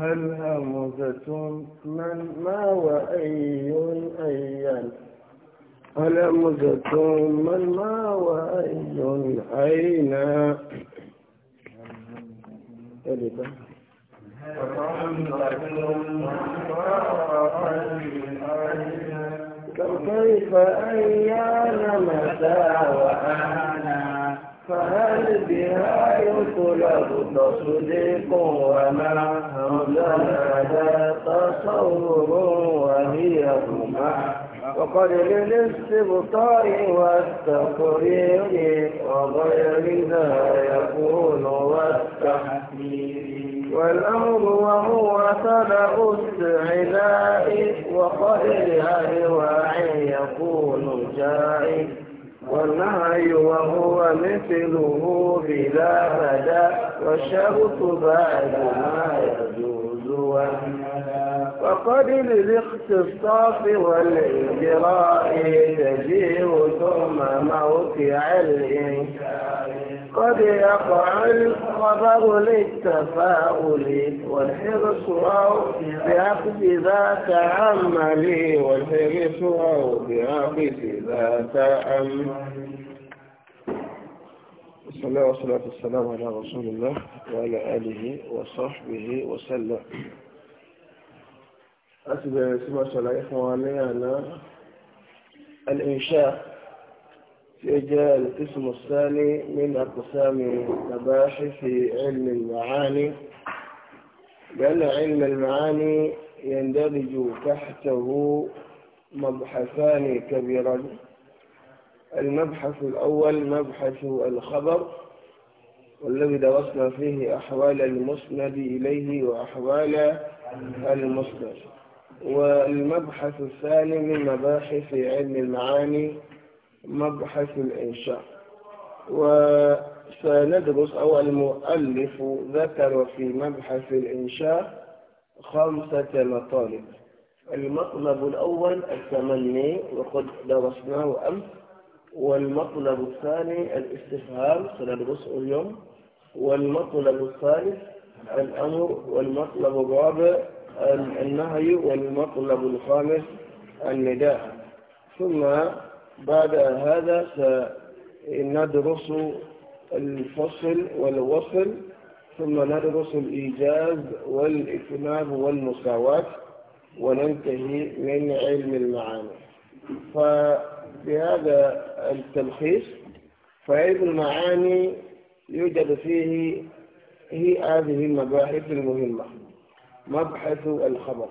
هل همزة من ما وأي أيا هل همزة من ما وأي أين كم كيف أيان متى وأهل فهل بها يطلب تصديق وما هذا تصور وهي هما وقد للاستبطاء والتقرير وغير ذا يكون والتحذير والأمر وهو تبع استعلاء وقد الهواء يكون جائز والنهي وهو مثله بلا بدا والشرط بعد ما يجوز وقد للاختصاص والإجراء تجيء ثم موقع الإنشاء قد يقع الخبر للتفاؤل والحرص أو بعقد ذا تأمل والحرص أو بعقد ذا تأمل بسم الله والصلاة والسلام على رسول الله وعلى آله وصحبه وسلم أتبع سمع صلى الله عليه الإنشاء في جاء القسم الثاني من أقسام مباحث علم المعاني لأن علم المعاني يندرج تحته مبحثان كبيران المبحث الأول مبحث الخبر والذي درسنا فيه أحوال المسند إليه وأحوال المسند والمبحث الثاني من مباحث علم المعاني مبحث الإنشاء وسندرس أو المؤلف ذكر في مبحث الإنشاء خمسة مطالب المطلب الأول التمني وقد درسناه أمس والمطلب الثاني الاستفهام سندرسه اليوم والمطلب الثالث الأمر والمطلب الرابع النهي والمطلب الخامس النداء ثم بعد هذا سندرس الفصل والوصل ثم ندرس الإيجاز والإتمام والمساواة وننتهي من علم المعاني فبهذا التلخيص فعلم المعاني يوجد فيه هي هذه المباحث المهمة مبحث الخبر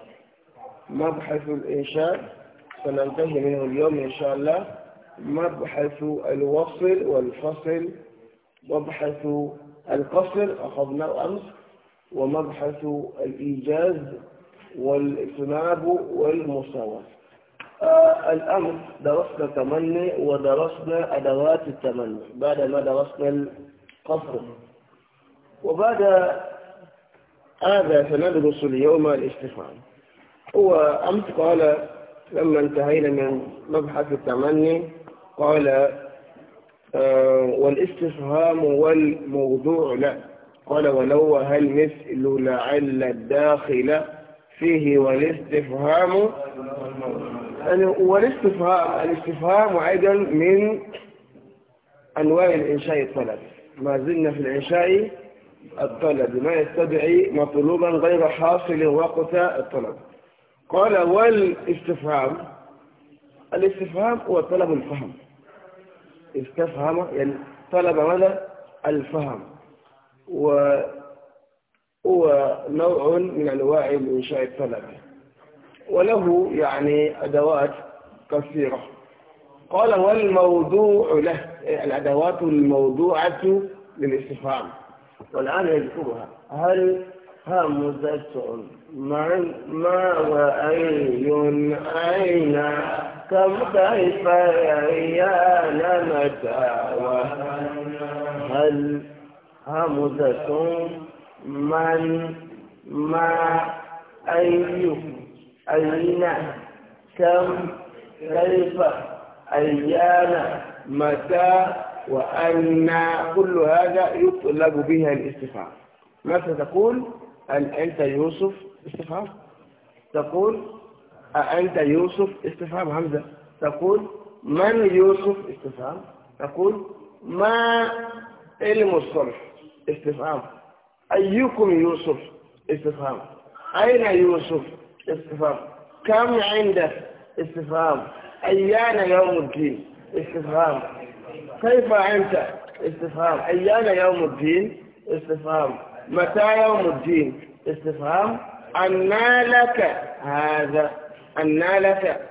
مبحث الإنشاء سننتهي منه اليوم إن شاء الله مبحث الوصل والفصل مبحث القصر أخذناه أمس ومبحث الإيجاز والإثناب والمساواة الأمر آه، الأمس درسنا تمني ودرسنا أدوات التمني بعد ما درسنا القصر وبعد هذا سندرس اليوم الاستفهام هو أمس قال لما انتهينا من مبحث التمني قال آه، والاستفهام والموضوع لا قال ولو وهل مثل لعل الداخل فيه والاستفهام يعني والاستفهام الاستفهام أيضا من أنواع الإنشاء الطلب ما زلنا في الإنشاء الطلب ما يستدعي مطلوبا غير حاصل وقت الطلب قال والاستفهام الاستفهام هو طلب الفهم استفهم يعني طلب ماذا الفهم وهو نوع من أنواع إنشاء الطلب وله يعني أدوات كثيرة قال والموضوع له الأدوات الموضوعة للاستفهام والآن يذكرها هل همزة من ما وأي أين كم كيف أيان متى هل همزة من ما أي أين كم كيف أيان متى وأن كل هذا يطلب بها الاستفهام ماذا تقول؟ أنت يوسف استفهام تقول أنت يوسف استفهام همزة تقول من يوسف استفهام تقول ما علم الصلح استفهام أيكم يوسف استفهام أين يوسف استفهام كم عندك استفهام أيان يوم الدين استفهام كيف أنت استفهام أيان يوم الدين استفهام متى يوم الدين استفهام أنا لك هذا أنا لك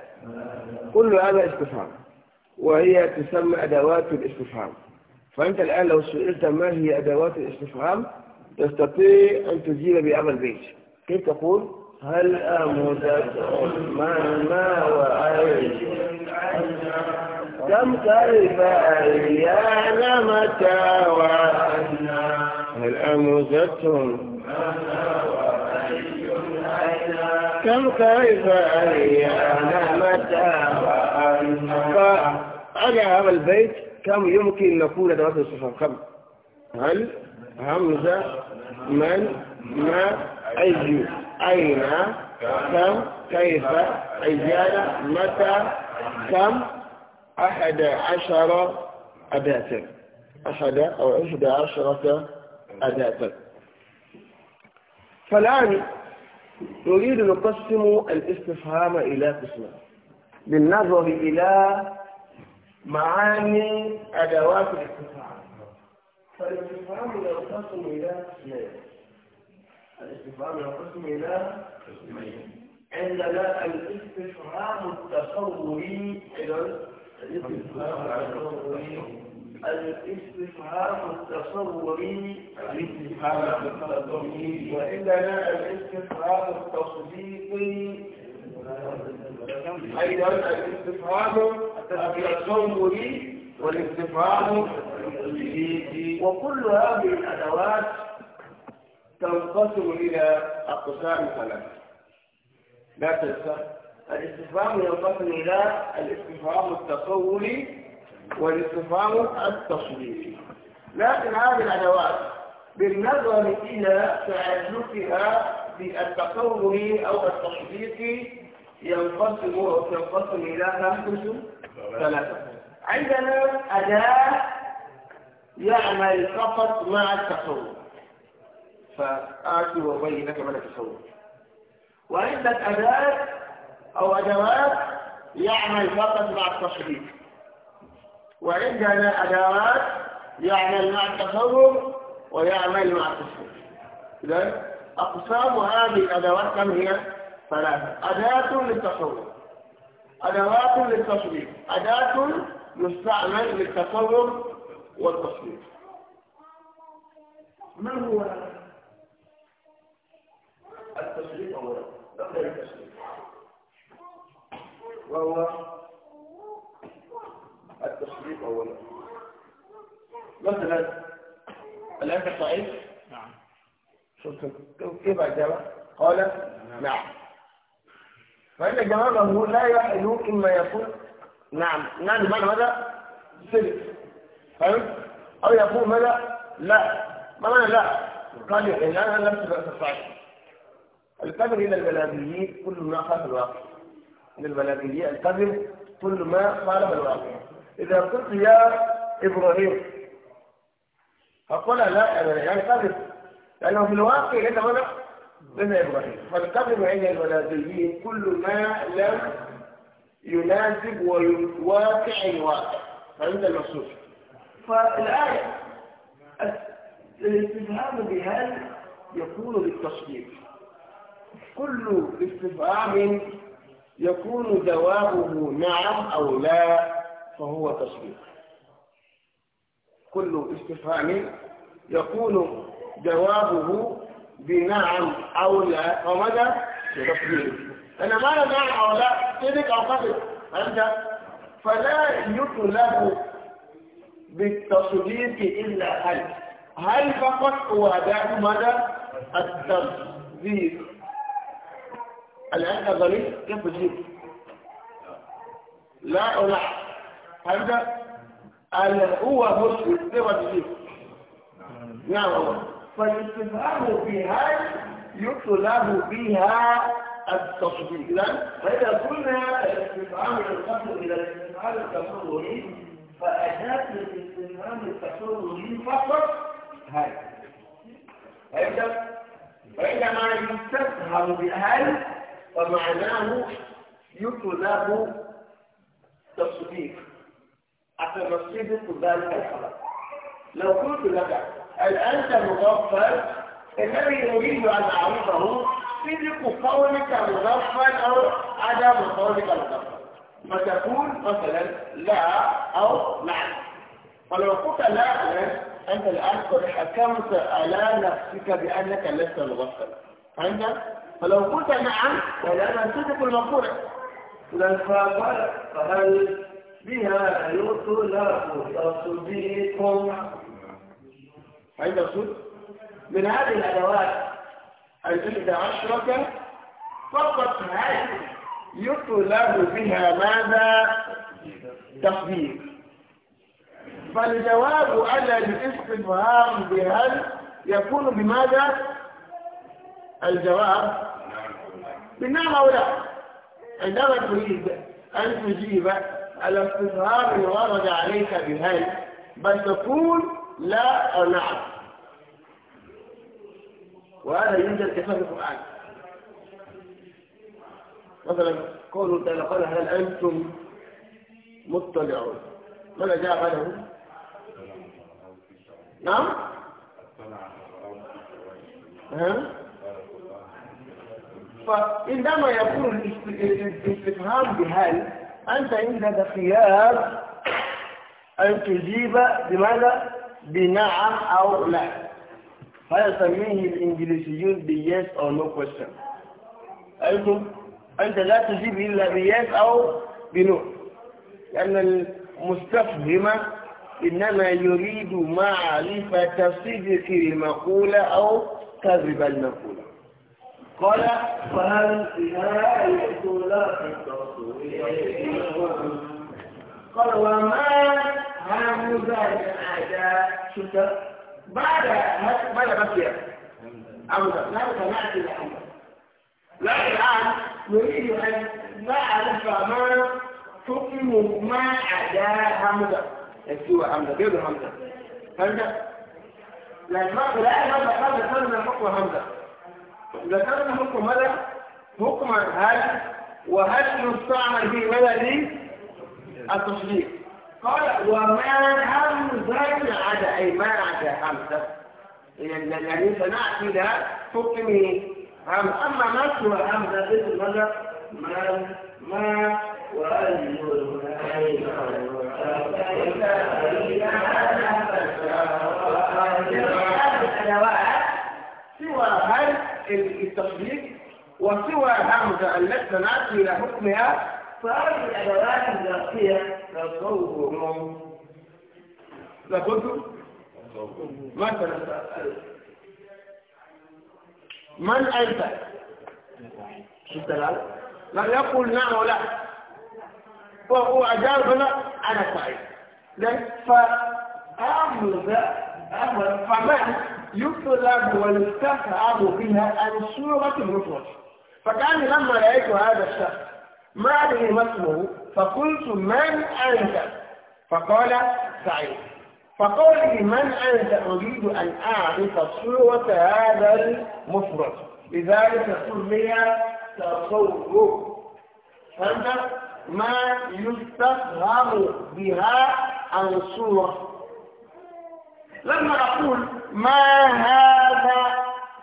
كل هذا استفهام وهي تسمى أدوات الاستفهام فأنت الآن لو سئلت ما هي أدوات الاستفهام تستطيع أن تجيب بأمر بيت كيف تقول هل أمدت ما وعيش كم كيف أيان متى وأنا هل أمزتهم كم كيف أيام متى فعلى هذا البيت كم يمكن أن نكون دراسة الصفة كم هل همزة من ما أي أين كم كيف أيام متى كم أحد عشر أداة أحد أو أحد عشرة أدابا فالآن نريد نقسم الاستفهام إلى قسمين بالنظر إلى معاني أدوات الاستفهام فالاستفهام ينقسم إلى قسمين الاستفهام ينقسم إلى قسمين عندنا الاستفهام التصوري إذا الاستفهام التصوري الاستفهام التصوري الاستفهام التصوري وعندنا الاستفهام التصديقي أيضا الاستفهام التصوري والاستفهام التصديقي وكل هذه الأدوات تنقسم إلى أقسام ثلاثة لا تنسى الاستفهام ينقسم إلى الاستفهام التصوري والاستفهام التصديقي لكن هذه الأدوات بالنظر إلى تعلقها بالتصور أو التصديقي ينقسم ينقسم إلى خمس ثلاثة عندنا أداة يعمل فقط مع التصور فآتي وبينك من التصور وعندك أداة أو أدوات يعمل فقط مع التصديق وعندنا أدوات يعمل مع التصور ويعمل مع التصور إذا أقسام هذه الأدوات كم هي؟ ثلاثة أداة للتصور أدوات للتصوير أداة يستعمل للتصور والتصوير ما هو التصوير أولا؟ وهو التشريف أولا مثلا الأنت صحيح؟ نعم شفت كيف أجابة؟ قال نعم, فإن جوابه لا يحلو إما يقول نعم نعم بمعنى ماذا؟ سلس فهمت؟ أو يقول ماذا؟ لا ما معنى لا؟ قال إن أنا لم تستطيع الكذب إلى البلاغيين كل ما خالف الواقع إلى البلاغيين الكذب كل ما خالف الواقع إذا قلت يا إبراهيم فقل لا أبدا يعني كذب لأنه في الواقع هنا هنا من إبراهيم فالكذب عند الملازمين كل ما لم يناسب ويواقع الواقع فعند المقصود فالآية الاستفهام بهل يكون للتصديق كل استفهام يكون جوابه نعم أو لا فهو تصديق كل استفهام يكون جوابه بنعم أو لا أو ماذا أنا ما نعم أو لا تلك أو كذب أنت فلا يطلب بالتصديق إلا هل هل فقط هو أداء ماذا التصديق الآن أظنين كيف تجيب لا أو هذا هو مسلم لوجهه نعم فالاستفهام في هل يطلب بها التصديق إذا فإذا قلنا الاستفهام ينقسم إلى الاستفهام التصوري فأداة الاستفهام التصوري فقط هل فإذا فعندما يستفهم بهل فمعناه يطلب تصديق أتمثلك ذلك الخبر لو قلت لك هل أنت مغفل الذي يريد أن أعرفه صدق قولك مغفل أو عدم قولك مغفل فتكون مثلا لا أو نعم فلو قلت لا أنت الآن قد حكمت على نفسك بأنك لست مغفل فهمت؟ فلو قلت نعم فلأنا صدق المقولة فهل بها يطلق تصديق عند مقصود من هذه الأدوات الجلد عشرة فقط هل يطلب بها ماذا تصديق فالجواب على الاستفهام بهل يكون بماذا الجواب بالنعم أو لا عندما تريد أن تجيب الاستظهار ورد عليك بهل بل تقول لا أو نعم وهذا يوجد في فهم القرآن مثلا قوله تعالى قال هل أنتم مطلعون من أجاب له نعم ها فعندما يقول الاستفهام بهل أنت عندك خيار أن تجيب بماذا؟ بنعم أو لا فيسميه الإنجليزيون yes أو no question أنتم أنت لا تجيب إلا yes أو no لأن المستفهم إنما يريد معرفة صدق المقولة أو كذب المقولة قال فهل نهاية لك قال وما هذا أعداء بعد بعد بقي همزة لا سمعت الحمد لكن الآن نريد أن نعرف ما حكم ما عدا حمزة سوى حمزة غير حمزة همزة لأن ما لا همزة همزة همزة حكم ذكرنا حكم ماذا؟ حكم هل وهل يستعمل في ماذا دي؟ التصديق قال وما همزة عدا أي ما عدا همزة يعني سنأتي إلى حكم هم أما ما سوى همزة اسم ما ما وهل وأجل التطبيق وسوى همزة التي تنعت إلى حكمها فهذه الأدوات الدراسية تصور لابد مثلا من أنت؟ شفت الآن؟ من يقول نعم ولا وهو أجاب لا أنا سعيد فهمزة فمن يطلب ويستفعل بها عن سورة المفرد فكان لما رأيت هذا الشخص ما أدري ما اسمه فقلت من أنت فقال سعيد لي من أنت أريد أن أعرف صورة هذا المفرد لذلك سمي تصور فهمت ما يستفهم بها عن صورة لما نقول ما هذا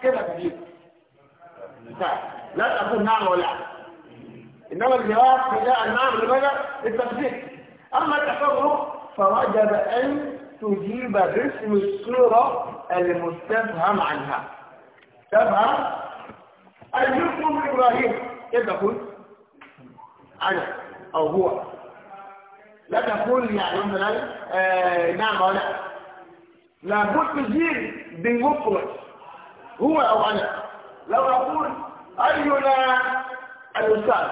كده تجيب لا تقول نعم ولا إنما الجواب جاء النعم لماذا؟ التفسير أما التفرق فوجب أن تجيب باسم الصورة المستفهم عنها تفهم أيكم إبراهيم كيف تقول؟ أنا أو هو لا تقول يعني مثلا آه نعم ولا لابد تجيب بمفرد هو أو أنا لو أقول أينا الأستاذ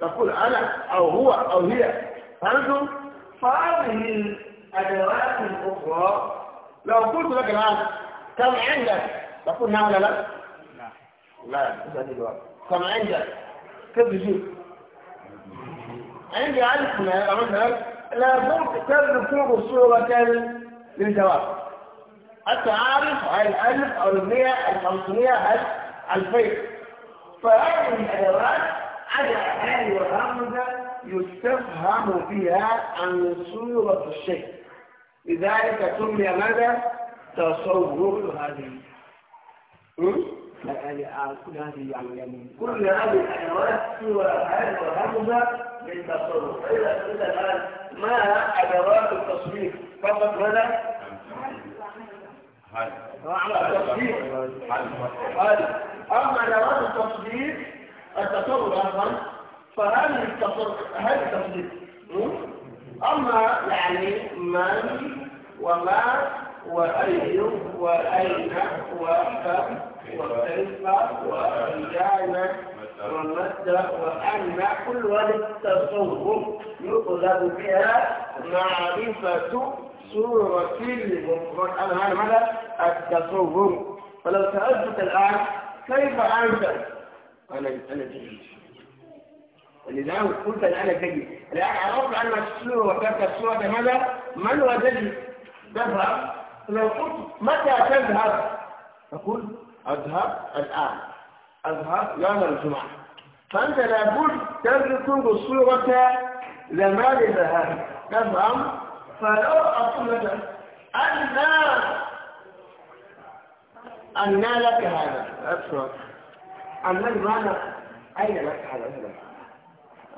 تقول أنا أو هو أو هي فهمتوا فهذه الأدوات الأخرى لو قلت لك الآن كم عندك تقول نعم لا؟ لا لا كم عندك؟ كيف تجيب؟ عندي ألف مثلا لابد تذكر صورة حتى للجواب التعارف الألف أو المئة الخمسمية الفين فهذه الأدوات على هذه الرمزة يستفهم فيها عن صورة الشيء لذلك سمي ماذا؟ تصور هذه كل هذه يعني كل هذه الأدوات صورة هذه الرمزة للتصور فإذا قلت الآن ما أدوات التصوير فقط ماذا؟ هل أما أدوات التصديق التصور أيضا فهل التصديق أما يعني من وما وأي وأين وكم وكيف وإيانا ومتى وأن كل هذه التصور يطلب بها معرفة صورة المفرد هذا ماذا؟ التصور فلو سألتك الآن كيف أنت؟ أنا أنا جيد الآن قلت أنا جيد الآن عرفت أن الصورة الصورة ماذا؟ من هو جيد؟ تذهب لو قلت متى تذهب؟ تقول أذهب الآن أذهب يوم الجمعة فأنت لابد تذكر صورة زمان الذهاب تفهم؟ فلو أقول لك أن أن لك هذا أن أن المعنى أين لك هذا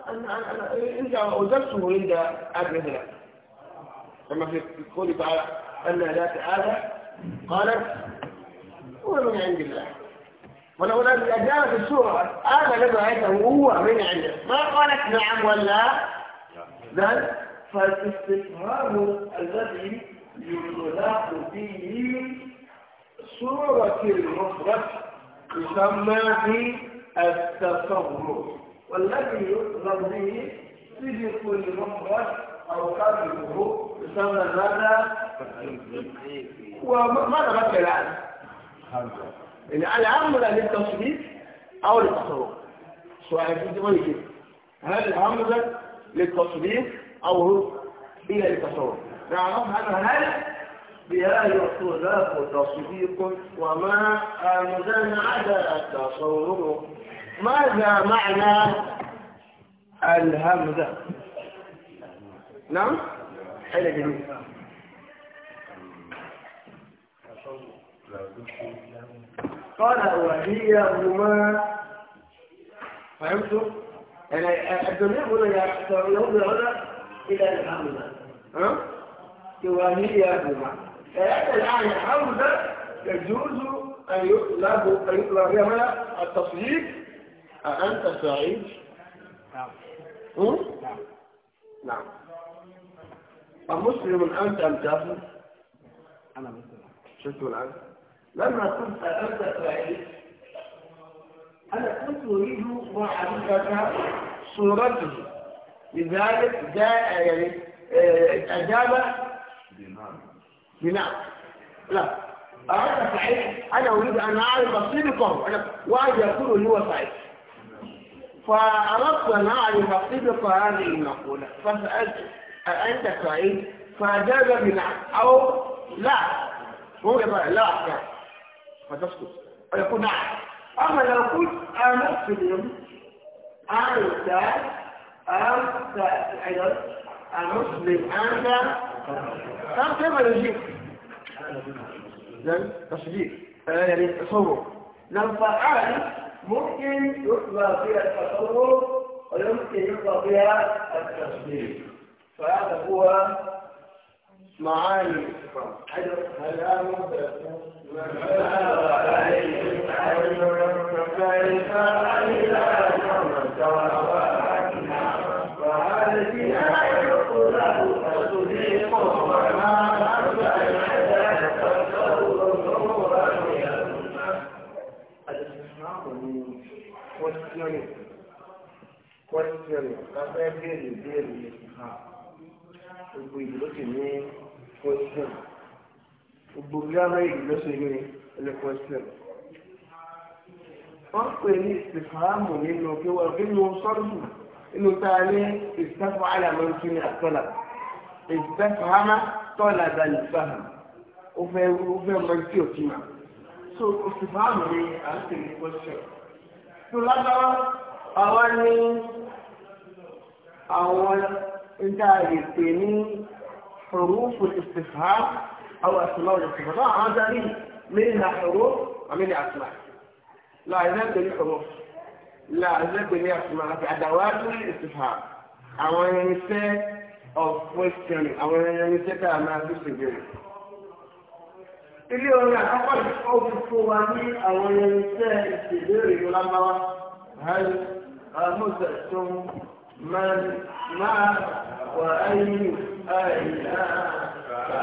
هنا أنت أوزرته عند أبي هنا لما في قوله تعالى أن لك هذا قالت هو من عند الله ولو لم أجاب في السورة أنا الذي رأيته هو من عنده ما قالت نعم ولا ذلك فالاستثمار الذي يطلق به صورة المفرد يسمى بالتصرف والذي يطلق به صدق المفرد أو قلبه يسمى ماذا؟ وماذا بقي الآن؟ الأمر للتصريف أو للتصور سؤال كده هل الأمر للتصريف أو بلا التصور نعرف هذا هل بهذا الصلاف تصديق وما أمدن عدا التصور ماذا معنى الهمزة نعم حلو جميل قال وهي هما فهمتوا؟ يعني الدنيا هنا يقول هنا إلى الحمزة ها؟ وهي فهذا الآن حمزة يجوز أن يطلب أن يطلب بها التصديق أأنت سعيد؟ نعم نعم نعم أمسلم أنت أم كافر؟ أنا مسلم شفت الآن؟ لما كنت أنت سعيد أنا كنت أريد معرفة صورته لذلك جاء يعني آه، أجاب بناء لا هذا صحيح أنا أريد أن أعرف صدقه أنا أقول يكون هو صحيح فأردت أن أعرف صدق هذه المقولة فسألت أنت صحيح فأجاب بناء أو لا هو يقول لا أحكام فتسكت ويقول نعم أما لو قلت أنا مسلم أنا أستاذ أو أيضا المسلم أنت طب كيف نجيب زين تصديق يعني تصور لو فعل ممكن يقضى فيها التصور ويمكن يقضى فيها التصديق فهذا هو معاني هذا مبدأ questioning questioning lábẹ́ béèrè béèrè gbogbo ìlú ló sì ní question gbogbo gbára ìlú ló sì ní ẹni question. wọ́n pè ní ìsìfàámù nínú kí wọ́n fi mú sọ́ọ̀dù nínú tá a ní ìsìfàámù àlàmọ́tún ní àtọ́là ìsìfàámù tọ́là dàlí fàámù ó fẹ́ ó fẹ́ mọ tí ò kí ma so ìsìfàámù ni à ń tẹ̀lé question tó lágbára àwọn ní àwọn ìdá ìpè ní حروف الاستفهام أو أسماء الاستفهام هذا من منها حروف ومنها أسماء لا يذهب لي حروف لا يذهب لي أسماء في أدوات الاستفهام أو ينسى أو questioning أو ينسى كما في السجن ilé orin àkọ́kọ́ ìfọ́wọ́ fún wa ní àwọn irinṣẹ́ ìṣèlérí ìlú lábáwá hàn àmúṣe tó máa wà ayé àìyá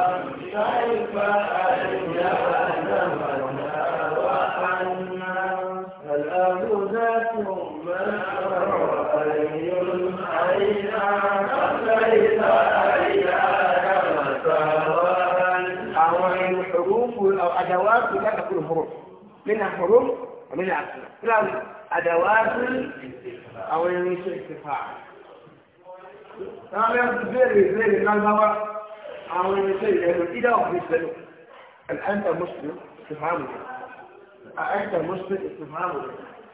àìsàn ìfà àìyá àìyá حروف منها حروف ومنها أسماء أدوات أو استفهام أنا أقول زي زي قال بابا أو زي يعني إذا أخذ الآن أنت مسلم استفهام أنت مسلم استفهام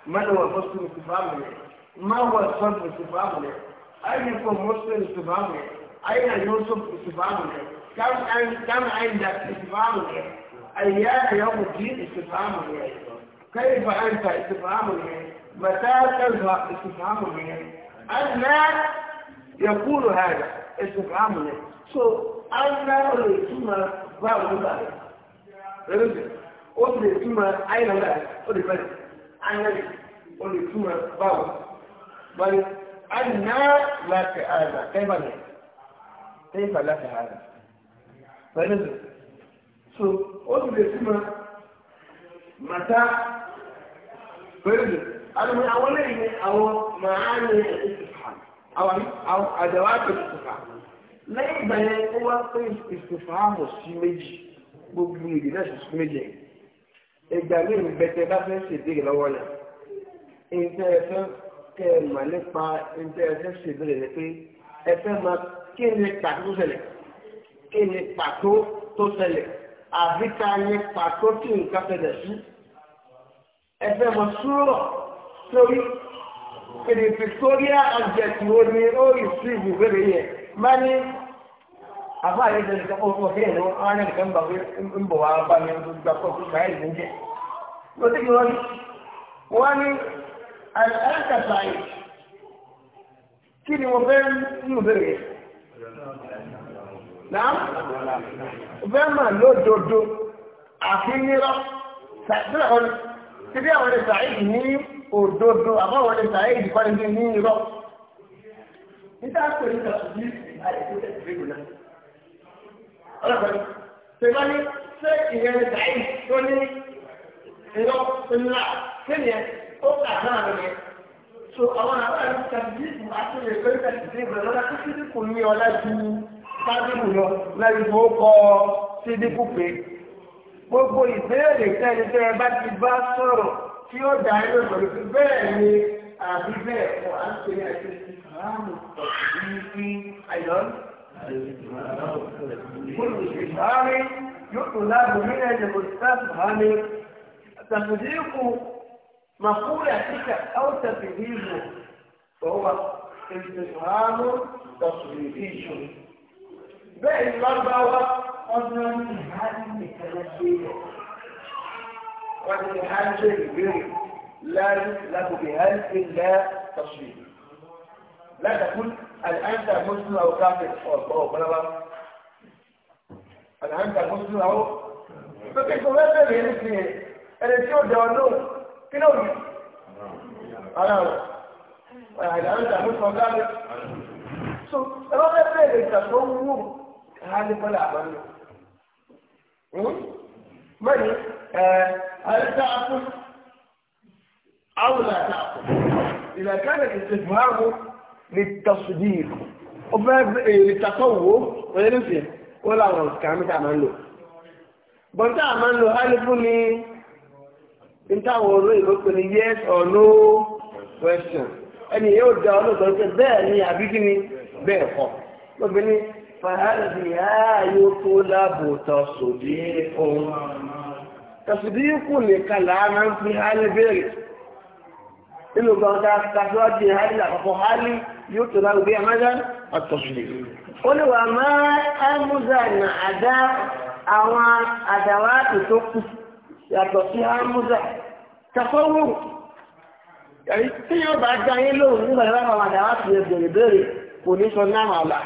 من هو مسلم استفهام ما هو الصدر استفهام أين يكون مسلم استفهام أين يوسف استفهام كم عندك استفهام أيام يوم الدين استفهام الغير كيف أنت استفهام الغير متى تظهر استفهام الغير أن يقول هذا استفهام الغير so أن الإسماء باب الغير رجل قلت الإسماء أين لا قلت بس أن الإسماء باب بل أن لك هذا كيف لك كيف لك هذا فنزل so ó ti lè túmọ̀ màtá pẹ̀lú àwọn àwọn lẹ́yìn àwọn màá ní ìsìkà àwọn àdàwà ìsìkà lẹ́yìn ìgbà yẹn ó wá pé ìsìkà àmọ̀ sí méjì gbogbo èdè náà sì sí méjì ìgbà mi ń bẹ̀tẹ̀ bá fẹ́ ṣèdè lọ́wọ́ náà ìtẹ́ ẹ̀fẹ́ kẹ́ ẹ̀ mà nípa ìtẹ́ ẹ̀fẹ́ ṣèdè rẹ̀ pé ẹ̀fẹ́ máa kí ni pàtó tó ṣẹlẹ̀ kí ni pàtó tó ṣẹlẹ̀ àbí ta ni pàtó kí nǹkan fẹ̀dẹ̀ sí. Ẹgbẹ́ mọ̀ súrọ̀ sórí èdè Victoria object wo ni ó rìsíìvù bèrè yẹ. Má ní àbá yẹn jẹ́ nǹkan fún ọkọ̀ kéèyàn wọn á ní nǹkan ń bà wí ń bọ̀ wá bá mi ń gbà pọ̀ fún báyìí ló ń jẹ́. wọ́n ní wọ́n yìí kí ni mo fẹ́ nù bèrè náà bẹ́ẹ̀mà lódodo àfi nírọ́ sàbílà wọn síbí àwọn ẹni sàáìdì ní òdodo àbá àwọn ẹni sàáìdì kọ́ni de ní irọ́ níta pè ní sàbí àìkú ẹ̀sìn náà ọlọ́pàá ṣe bá ní se ìyẹn sàáìdì tó ní irọ́ ńlá kéèyàn ó kà náà nìyẹn so àwọn àbá ẹni sàbí àti ìrẹ̀kọ́ ìsàbí ìbẹ̀rẹ̀ lọ́dá kí sábìlù lọ lẹ́yìn tó kọ sídìkù pé gbogbo ìbéèrè tẹ́ni tẹ́ ẹ bá ti bá sọ̀rọ̀ tí ó dá ilé pẹ̀lú pé bẹ́ẹ̀ ni àbí bẹ́ẹ̀ kọ́ à ń pè é àti ìsìláàmù ní ti àyọ̀ olùsèkárì yóò tó láàbò nílẹ̀ ìjẹ̀bù sáàbùhánì bẹ́ẹ̀ ni lọ́gbàwá ọ̀nà ní hàndì kẹlẹ́gbẹ̀rẹ̀ wọ́n ní hàndì ìbéèrè láàrín lágbègbè hàndì ńlá tọ̀sùn látàkùn àlàǹtà mọ́sùlùmí àwọn káfíń ọ̀gbọ́n ọ̀gbọ́nlọ́wọ́ àlàǹtà mọ́sùlùmí àwọn lókè tó fẹ́ bẹ̀rẹ̀ ní ti ẹni tí ó dẹ̀ ọ́ lóhùn kí ló rí ara rẹ̀ àlàǹtà mọ́sùlùmí àwọn káfíń so ẹ bá fẹ́ bẹ̀rẹ̀ ìtàkùn wù hali bala bala mani hal ta'kul aw la ta'kul idha kana istifham litasdiq o fẹ́ ìtàkọ̀wò pẹ̀lú sí ó láwọn kàmí tá a máa ń lò bọ́n tá a máa ń yes or no question ẹni yóò da ọlọ́dọ̀ ṣe ni àbí kí ni fàhálìhá yóò tó lábò tọ̀sùdí ohun tọ̀sùdí kù nìkan láàrín ń fi hálì béèrè nínú gbọ́ngá tàbíwájú hálì àkọ́kọ́ hálì yóò tó lábò bí amádá àtọ̀sùdí ó lè wà má ámúzà nà àdá àwọn àdáwàtò tó kù yàtọ̀ sí tí yóò bá dá yín lóhùn nígbà tí wọ́n kò ní sọ náà àlà.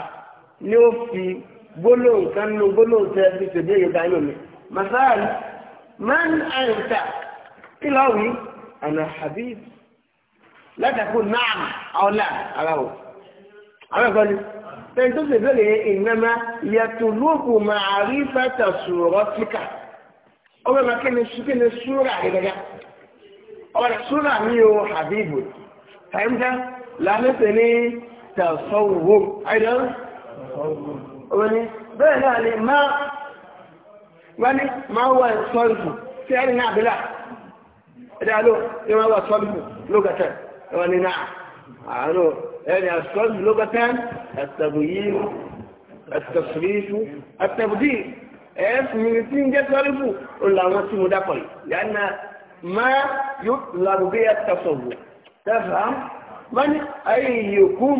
ni ó fi gbólóhùn kan nínú gbólóhùn tẹ fi ṣèdí èyí dání mi masáàlì máa ń àyùntà kí ló wí àná habib látàkù náà ọ̀la ara o àwọn ẹ̀kọ́ ni tẹ̀yìn tó ṣèbéèrè ìnáma yàtò lóògùn máa rí bàtà sùrọ̀ síkà ọmọ ẹ̀ma kí ni kí súrà rẹ̀ gẹ́gẹ́ ọ̀rẹ́ súrà mi ò habib fàyẹ̀mùtà làmẹ́sẹ̀ ní tàṣọ́wọ́ àìdán òní bẹ́ẹ̀ náà ni máa wọ́n ní máa wà sọ́ọ̀lù tí ẹ̀rìn náà bílà ẹ̀dá ló ní máa wà sọ́ọ̀lù lókàtà ẹ̀wọ̀n ní náà àánú ẹ̀rìn àsọ́ọ̀lù lókàtà ẹ̀tàbùyìn ẹ̀tàṣìríṣù ẹ̀tàbùdì ẹ̀ẹ́sùn ní yìí ما يطلب به التصوف تفهم من أيكم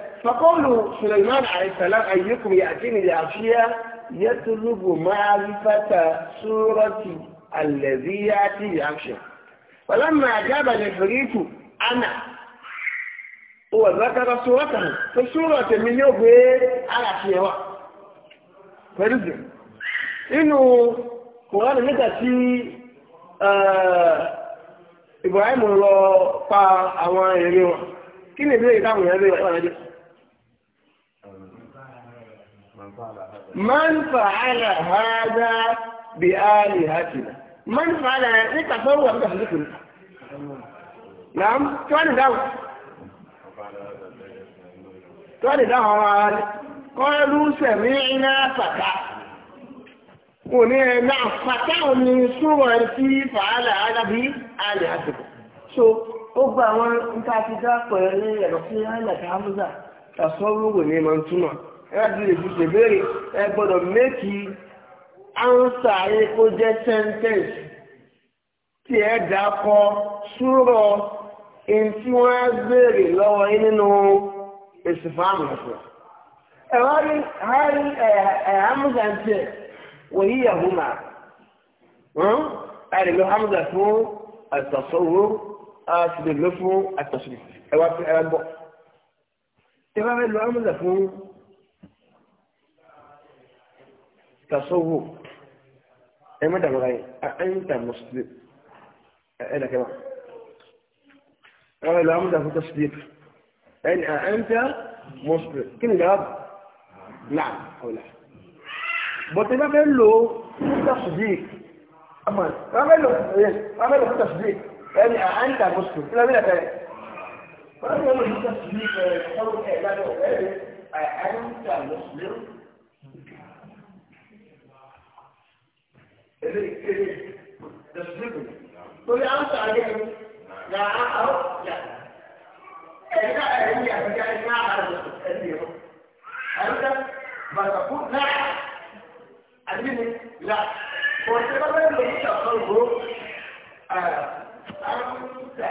فقول سليمان عليه السلام أيكم يأتيني العشية يطلب معرفة سورة الذي يأتي يعشى فلما أجاب العفريت أنا وذكر سورته فسورة من يوم على شيوا فرزق إنه قرآن متى في إبراهيم لو قا أوان يريوا كني بيجي كام يريوا من فعل هذا بآلهتنا من فعل ايه تصور واحدة ذكر نعم كان داو كان داو قالوا سمعنا فتى ونعم فتى من سورة فعل هذا بآلهتكم so ó gba àwọn nǹkan àti dápọ̀ ẹ̀rọ fún ẹ̀rọ ìlàkà hamza tasọ́rọ̀ wò ní mọ̀ntúnmọ̀ ẹ̀dùn lè fi ṣèbéèrè ẹ gbọ́dọ̀ méjì ánsà yẹn kó jẹ́ sẹ́ńtẹ́ǹsì tí ẹ dà kọ súrọ̀ èyí tí wọ́n á béèrè lọ́wọ́ yín nínú èsì fáàmù ẹ̀sìn. ẹ̀wá rí hárí hamza ń tẹ̀ wòyí yahuma àìlèlò hamza fún àtọ̀sọ̀wò àtìlèlò fún àtọ̀sọ̀wò ẹ̀wá bọ̀. tẹ́lá bẹ́ẹ̀ lo hamza fún. tasowó ẹ má dàgbà yìí àǹtà mùsùlùm ẹ dàgbà yìí ọ̀rọ̀ ìlú amúdà fún tasdik ẹni àǹtà mùsùlùm kí ni jawab náà ọ̀la bọ̀tẹ́ bá fẹ́ lò fún tasdik ọmọ bá fẹ́ lò fún tasdik ẹni àǹtà mùsùlùm kí ló bí dàgbà yìí. Wọ́n ti wọ́n lò fún tasdik ẹ̀ ẹ̀ ẹ̀ lábẹ́ ọ̀rẹ́ ẹ̀ àǹtà mùsùlùm. eléyìí kéré dẹ̀sùlùmù torí àwọn sàlẹ̀ yìí là á àrò yà ẹ̀ka ẹ̀yìn àtijọ́ ẹ̀ka àrò ẹ̀dì ẹ̀rọ àrùkà bàtàkù náà àdínní là bọ̀dé bá bẹ́ẹ̀ lòdì sàkọ́ gbó àrùkà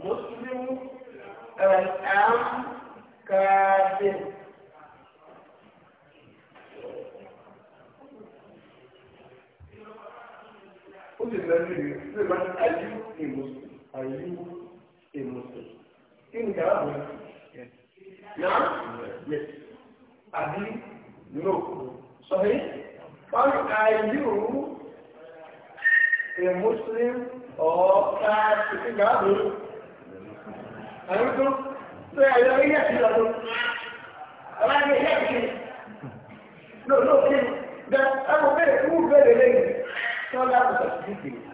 mùsùlùmù ẹ̀rọ àrùkà dé. ó sì lẹ́nu ìwé ṣe máa ń ayú ìmùsùn ayú ìmùsùn kí ni yàrá mi yàrá yẹ àbí no sọ̀rí wọ́n ayú ìmùsùn ọ̀ọ́ká kí yàrá mi ayú tó ṣe ayú ilé ẹ̀sìn lọ́dún ọ̀la ni ilé ẹ̀sìn lọ́dún kí ni ẹ kò bẹ̀rẹ̀ kú bẹ̀rẹ̀ lẹ́yìn sọ́lá àgbà sí ìgbè.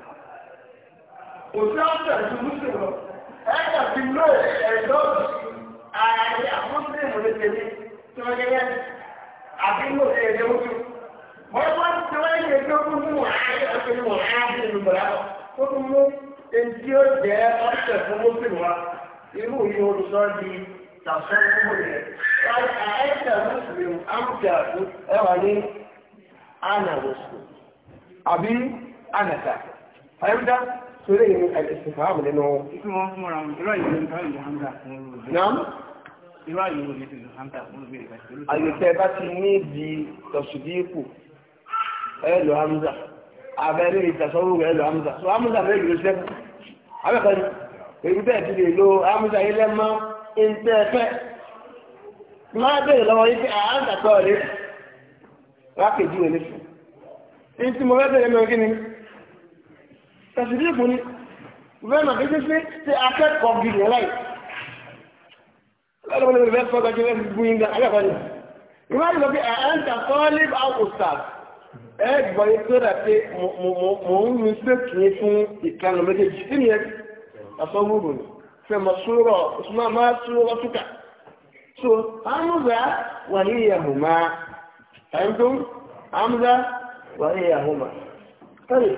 Òṣìṣẹ́ ọ̀sẹ̀ ju Mùsùlùmí lọ. Ẹ̀ka ti lọ ẹ̀dọ́ ààrẹ àwọn Mùsùlùmí lè tẹ̀lé tí wọ́n yẹ àbí lò ẹ̀dẹ́ ojú. Wọ́n wá ti wá ẹ̀yẹ tó kún mú ààrẹ ọ̀sẹ̀ ní wọ̀n áàbí ìlúmọ̀ láwọ̀. Ó tún mú èdè ó jẹ́ ọ̀sẹ̀ fún Mùsùlùmí wa. Irú yìí olùsọ́ di tàṣán fún Mùsùlùmí. Ẹ̀ka Mùsùlùmí á ń ní ànà àbí ànàtà àyẹ̀wòdá sórí ìlú àìsìfàámù nínú àyẹ̀tẹ̀ bá ti ní di tọ̀sùdíkù ẹ̀lò hamza abẹ́rẹ́ ìtàsọ́rọ̀ ẹ̀lò hamza so hamza mẹ́rin ló ṣẹ́kù abẹ́kọ̀ọ́ni èyí bẹ́ẹ̀ ti lè lo hamza ilẹ̀ mọ́ ìtẹ́ẹ̀fẹ́ máa bèèrè lọ́wọ́ yìí pé àáńtà kọ́ rẹ̀ rákèjì rẹ̀ lẹ́sùn èyí tí mo fẹ́ bẹ̀rẹ̀ mẹ́rin kí ni tẹ̀sídì ìbò ni bẹ́ẹ̀ mà kéde sí ṣe akẹ́kọ̀ọ́ gidi ọ̀la yìí lọ́dọ̀ mi fẹ́ fọ́ gàjú ẹ̀sìn gbóyin gan akẹ́kọ̀ọ́ ni ìwé àti lọ́bí ẹ̀ẹ́ntà kọ́ọ́lì àwòsà ẹ̀ gbọ́ yìí tó dà pé mò ń lu sí kìí fún ìkànnì méjèèjì kí ni ẹ àfọ wúrò ni fẹ́ mọ sórọ̀ máa máa sórọ̀ túkà so amúzà wà ní ìyàmù máa ẹ̀ńtó amúzà وإياهما طيب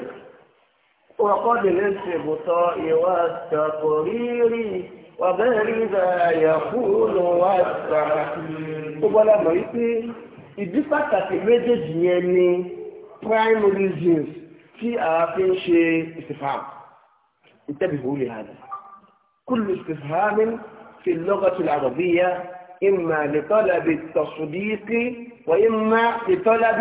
وقد للسبط والتقرير وبرزا يقول والتحقير وبلا ما يقول ìdí pàtàkì méjèèjì yẹn ni prime reasons tí a fi ń ṣe istifham انتبهوا لهذا كل استفهام في اللغة العربية إما لطلب التصديق وإما لطلب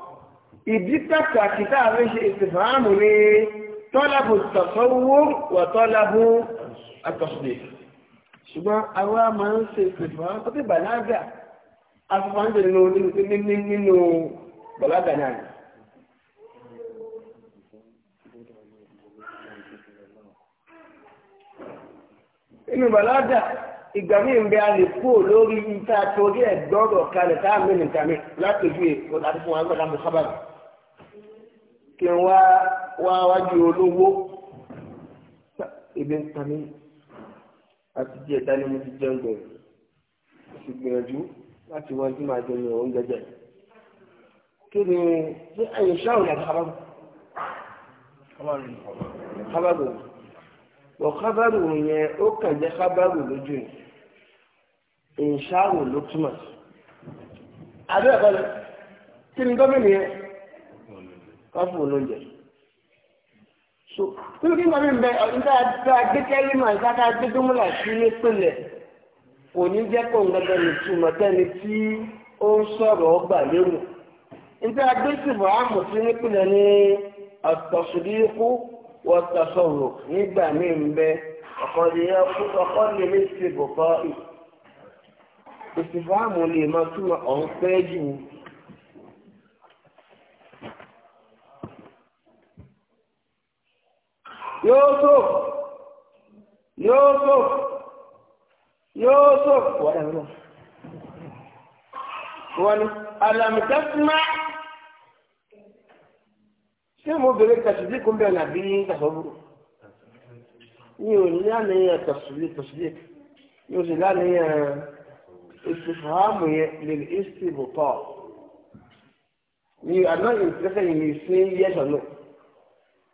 ìdí pàtàkì tá a fi ṣe ìsìfàámù ni tọ́lábù tọ̀sọ́wọ́ wà tọ́lábù àtọ̀sọ̀dẹ̀ ṣùgbọ́n àwa máa ń ṣe ìsìfàámù ó ti bàlágà asọ̀fàámù nínú bàlágà náà inú bàlágà ìgbà mi ń bẹ a lè kó lórí ìta torí ẹ̀gbọ́rọ̀ kalẹ̀ tá a mẹ́rin kalẹ̀ látòjú èkó láti fún wa gbọ́dọ̀ mọ́ sábàbí kí n wá wá wájú olówó ebi ń ta mí àti díẹ̀ dání mo ti jẹun gbẹ̀rù mo sì gbìyànjú láti wọ́n tí màá jẹ ní oúnjẹ jẹ kí ni ṣé ẹ̀yìn ṣáà ní àbábọ̀ kábàrò wọ kábàrò yẹn ó kàn jẹ́ kábàrò lójú ni ìṣáàrò ló túmọ̀ sí. àbẹ́ ẹ̀kọ́ lọ kí ni gómìnà yẹn káfù olóúnjẹ. so nínú kí n kọ́ni bẹ ọ̀dúnká tá a gbé kẹ́lí mà nígbà tá a gbé dúmúlà sí ní pínlẹ̀ kò ní jẹ́ kó nǹkan ní túmọ̀ tẹ́ni tí ó ń sọ̀rọ̀ ọgbà lérò. nígbà tá a gbé àmọ̀ sí ní pínlẹ̀ ní àtọ̀sùdíkú wọ́n nígbà míì ń bẹ ọ̀kan lè yẹ ọkọ lè mí sìbò kọ́ ìsìfọ́ àmọ̀ lè máa túmọ̀ ọ̀hún pẹ́ jù Yusuf Yusuf Yusuf wọ́n dàbí lọ. Wọ́n ní alamtasma ṣé mo bèrè kàṣídì kún bẹ́ẹ̀ nàbí kàṣọ́bùrù? Mi ò ní àníyàn kàṣídì kàṣídì mi ò sì láníyàn ìsìfàámù yẹn lè ìsìbùtọ̀. Mi are not interested in you saying yes or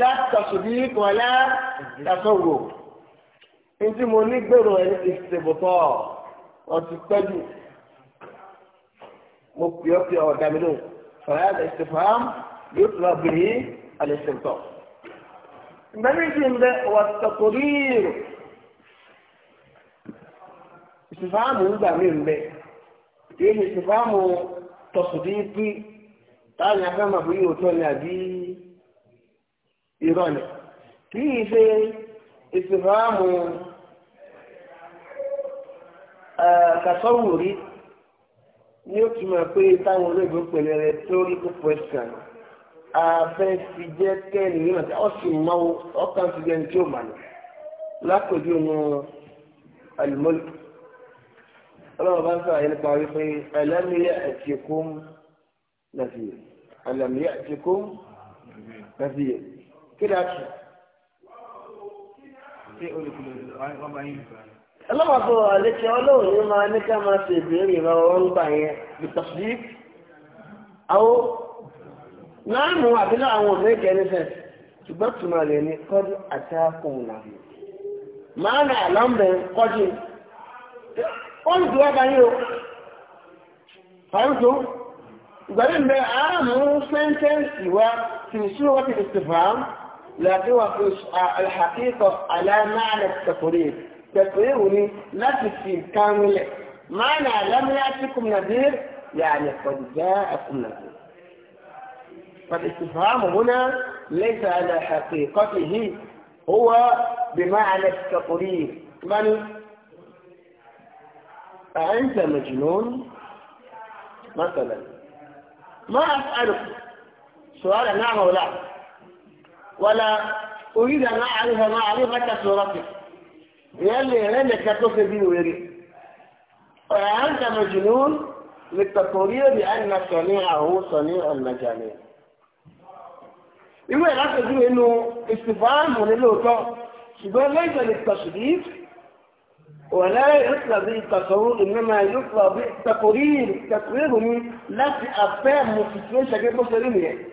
látàṣùbí kọlá tàṣọwò ntí mo ní gbèrò ẹni ìṣèbùtọ̀ ọtí pẹ́jù mo pìọ́pìọ́ ọ̀dà mi lóhùn fàyà ìṣèfàm yóò tún abìrì àlẹ́ ìṣèbùtọ̀. ìgbẹ́ni ti ń bẹ wàtàkùrìrì ìṣèfàmù ń gbà mí ń bẹ kì í ṣe ìṣèfàmù tọ̀sùdí pí táwọn afẹ́mọ̀ bí irọ́ ni kì í ṣe ìsìnkáàmù kàsọ́wùrí ní ó túmọ̀ pé táwọn olóògbé pẹ̀lú rẹ̀ rhetorical question afẹ́ fi jẹ́ kẹ́ni nígbà tí ó sì mọ ọkàn ti jẹ́ ní tí ó mà ní lápèjú nu alimọ́lì ọlọ́run bá ń sọ àyè nípa wípé ẹlẹ́mìíyà ẹ̀tìkún nàfìyè ẹlẹ́mìíyà ẹ̀tìkún nàfìyè kíláàsì ṣé olùkùnrin wọn bá yín bá yín ọlọ́mọ̀bọ̀ àlejò ọlọ́run ní máa ní ká máa ṣe ìbéèrè ìran ọ̀rọ̀ ń gbà yẹn bìtọ̀sí àwọ láàmú àbílẹ̀ àwọn òmìnira ẹnìfẹ́ ṣùgbọ́n tùmọ̀ rẹ̀ ní kọ́dí àti akọ̀ọ̀nà máa nà àlọ́m̀bẹ̀ kọ́dí ó ń dùn ọba yìí o fàáńtó ìgbàlẹ́ ń bẹ àmú sẹ́ńtẹ́ǹsì wa tìṣú wọ́n ti tètè fàá هو الحقيقة على معنى التقرير تقريرني نفس كامل معنى لم يأتكم نذير يعني قد جاءكم نذير فالاستفهام هنا ليس على حقيقته هو بمعنى التقرير بل أنت مجنون مثلا ما أسألك سؤال نعم أو لا ولا أريد أن أعرف معرفة صورته يلي رنك تفدي ويري وأنت مجنون للتقرير بأن صنيعه صنيع المجانين ìwé ìlàkọ̀jú inú ìsìfàámù nílòótọ́ ṣùgbọ́n lẹ́yìn ìlú tọ̀ṣìdì wọ̀lẹ́ ìrìtàbí ìtàkọ̀rú ìmẹ́mà ìlú tọ̀kọ̀rí ìrìtàkọ̀rí ìrùmí láti àfẹ́ mú situation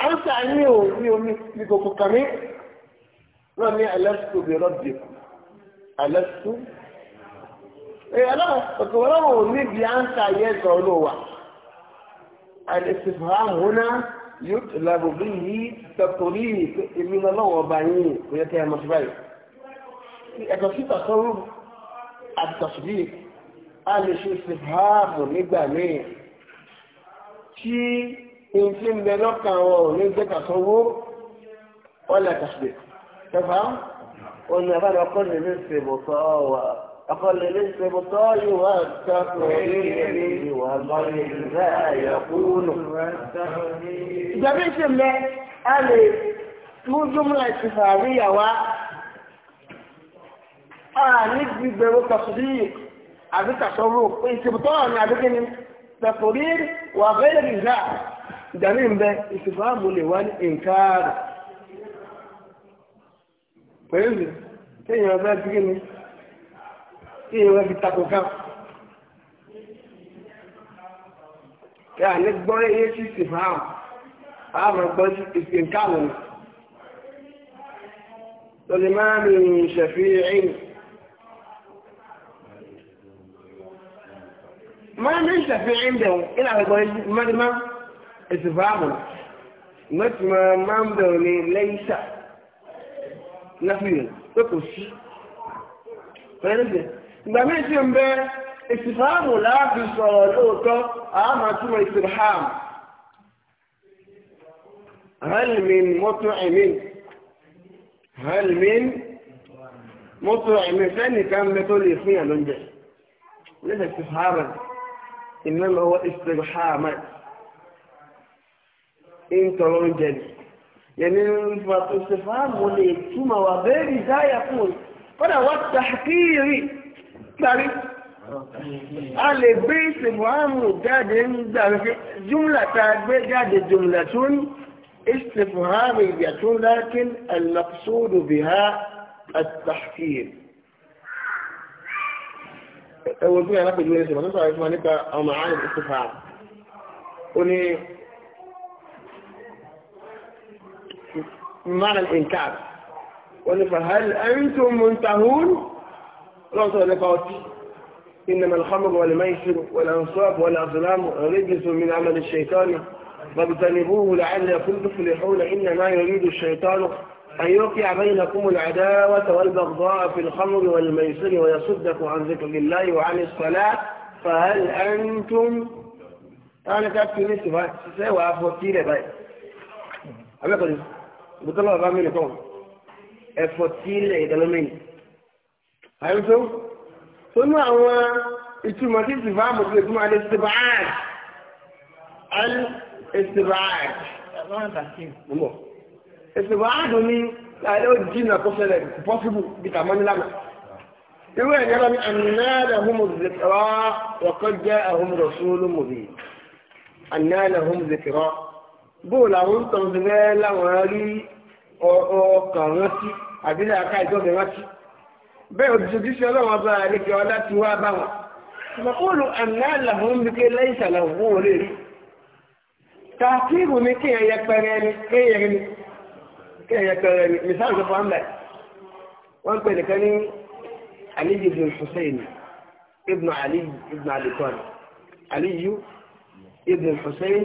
àwùjọ àní ò rí omi ní gbogbo kan ní náà ní alẹ́sùkò bí rọ́bì alẹ́sùkò. Èyí náà òkè wọn náà ò ní bí áńkà yẹ ẹ̀sọ́ olówà. Àlẹ́sìfà àmúná yóò tẹ̀lébù bí yìí tẹ̀tọ̀rí èmi lọ́wọ́ ọba yìí kò yẹ kẹ́ ẹ mọ̀tí báyìí. Ẹ̀tọ́ sí tàṣọ́rù àti tàṣìbí a lè ṣe ìsìfà àmù nígbà míì ìfí ń bẹ lọ́kàn àwọn òní jẹ́ kàtọ́wó ọ̀là kàṣẹ̀ tẹ́fà òní àbára ọkọ̀lẹ̀ ní ìṣèbùtọ́ wà ọkọ̀lẹ̀ ní ìṣèbùtọ́ yóò wá sáfù orílẹ̀-èdè ìwà mọ́lẹ̀ ìgbà àyàkúrò. ìjọba ìṣe mẹ́ a lè mú jùmọ̀lá ìṣẹ̀fà àríyàwá a ní gbígbẹ̀rù àbí kàṣọ́rò ìdàmí ń bẹ ìsìfàmù lè wá ní ìǹkaàrà pẹ̀lú kéèyàn fẹ́ bí ní kéèyàn fẹ́ fi takò ká kí a ní gbọ́ iye sí ìsìfàmù a máa gbọ́ sí ìsìnkáàrù lọ́lẹ̀ máa ń rìn ṣẹ̀fì ẹ̀yìn máa ń rìn ṣẹ̀fì ẹ̀yìn bẹ̀rù sí ìsìnkáàrù اتفاقنا متما مام دوني ليس نفيل تقوشي فهذا بما يتم به اتفاق لا في صلاة اما ثم اتفاق هل من مطعم هل من مطعم فان كان بطول يخيا لنجل ليس اتفاقا إنما هو استرحاما ń tọrọ oúnjẹ nì yẹni ń fa tó ṣe fáàmù lè túmọ̀ wà bẹ́ẹ̀rì dáyà fún un kódà wá tàkìrì parí a lè gbé ìsìnkú àmù jáde ń gbà wípé jùmlà tá a gbé jáde jùmlà tó ní استفهامية لكن المقصود بها التحكيم أول شيء أنا أقول لك أنا أعرف ما نبقى أو معاني الاستفهام معنى الإنكار فهل أنتم منتهون الله لقاتي إنما الخمر والميسر والأنصاب والأظلام رجس من عمل الشيطان فاجتنبوه لعلكم تفلحون إنما يريد الشيطان أن يوقع بينكم العداوة والبغضاء في الخمر والميسر ويصدكم عن ذكر الله وعن الصلاة فهل أنتم أنا كابتن نسبة سوى أفوتي لبي أبقى bùtọ́lọ̀ bá mi nìkan ẹ̀fọ́ tí ilẹ̀ ìdánlọ́mìn. àyùntó tó ní àwọn ìtumọ̀ tí ìsìnfà àmọ̀tí lè túmọ̀ al-istib'ad al-istib'ad. al-istib'ad ni láyé ó jìnnà kó fẹ́lẹ̀ pọ́sibú bí kà mọ́ nílànà. irú ẹ̀ yára ní ànáàlà homo zikra wa qad ja'ahum rasulun mubin ànáàlà homo zikra bóòlù àwọn ń tàn sí fẹ́ láwọn rí ọkàn rántí àbí láàká ìjọba rántí bẹ́ẹ̀ òdìsíṣẹ́ ọlọ́wọ́ bá àlejò ọlá ti wá bá wọn mọ̀kúrò àmì àlàfún bí ké lẹ́yìn ṣàlàfún orí rí tààkìrù ní kí ẹ̀yẹ pẹrẹ ni kéèyàn ni kí ẹ̀yẹ pẹrẹ ni mìsáàlù tó fọ́n bẹ̀ wọ́n pè nìkan ní aliyu ibn hussein ibn aliyu ibn alikon aliyu ibn hussein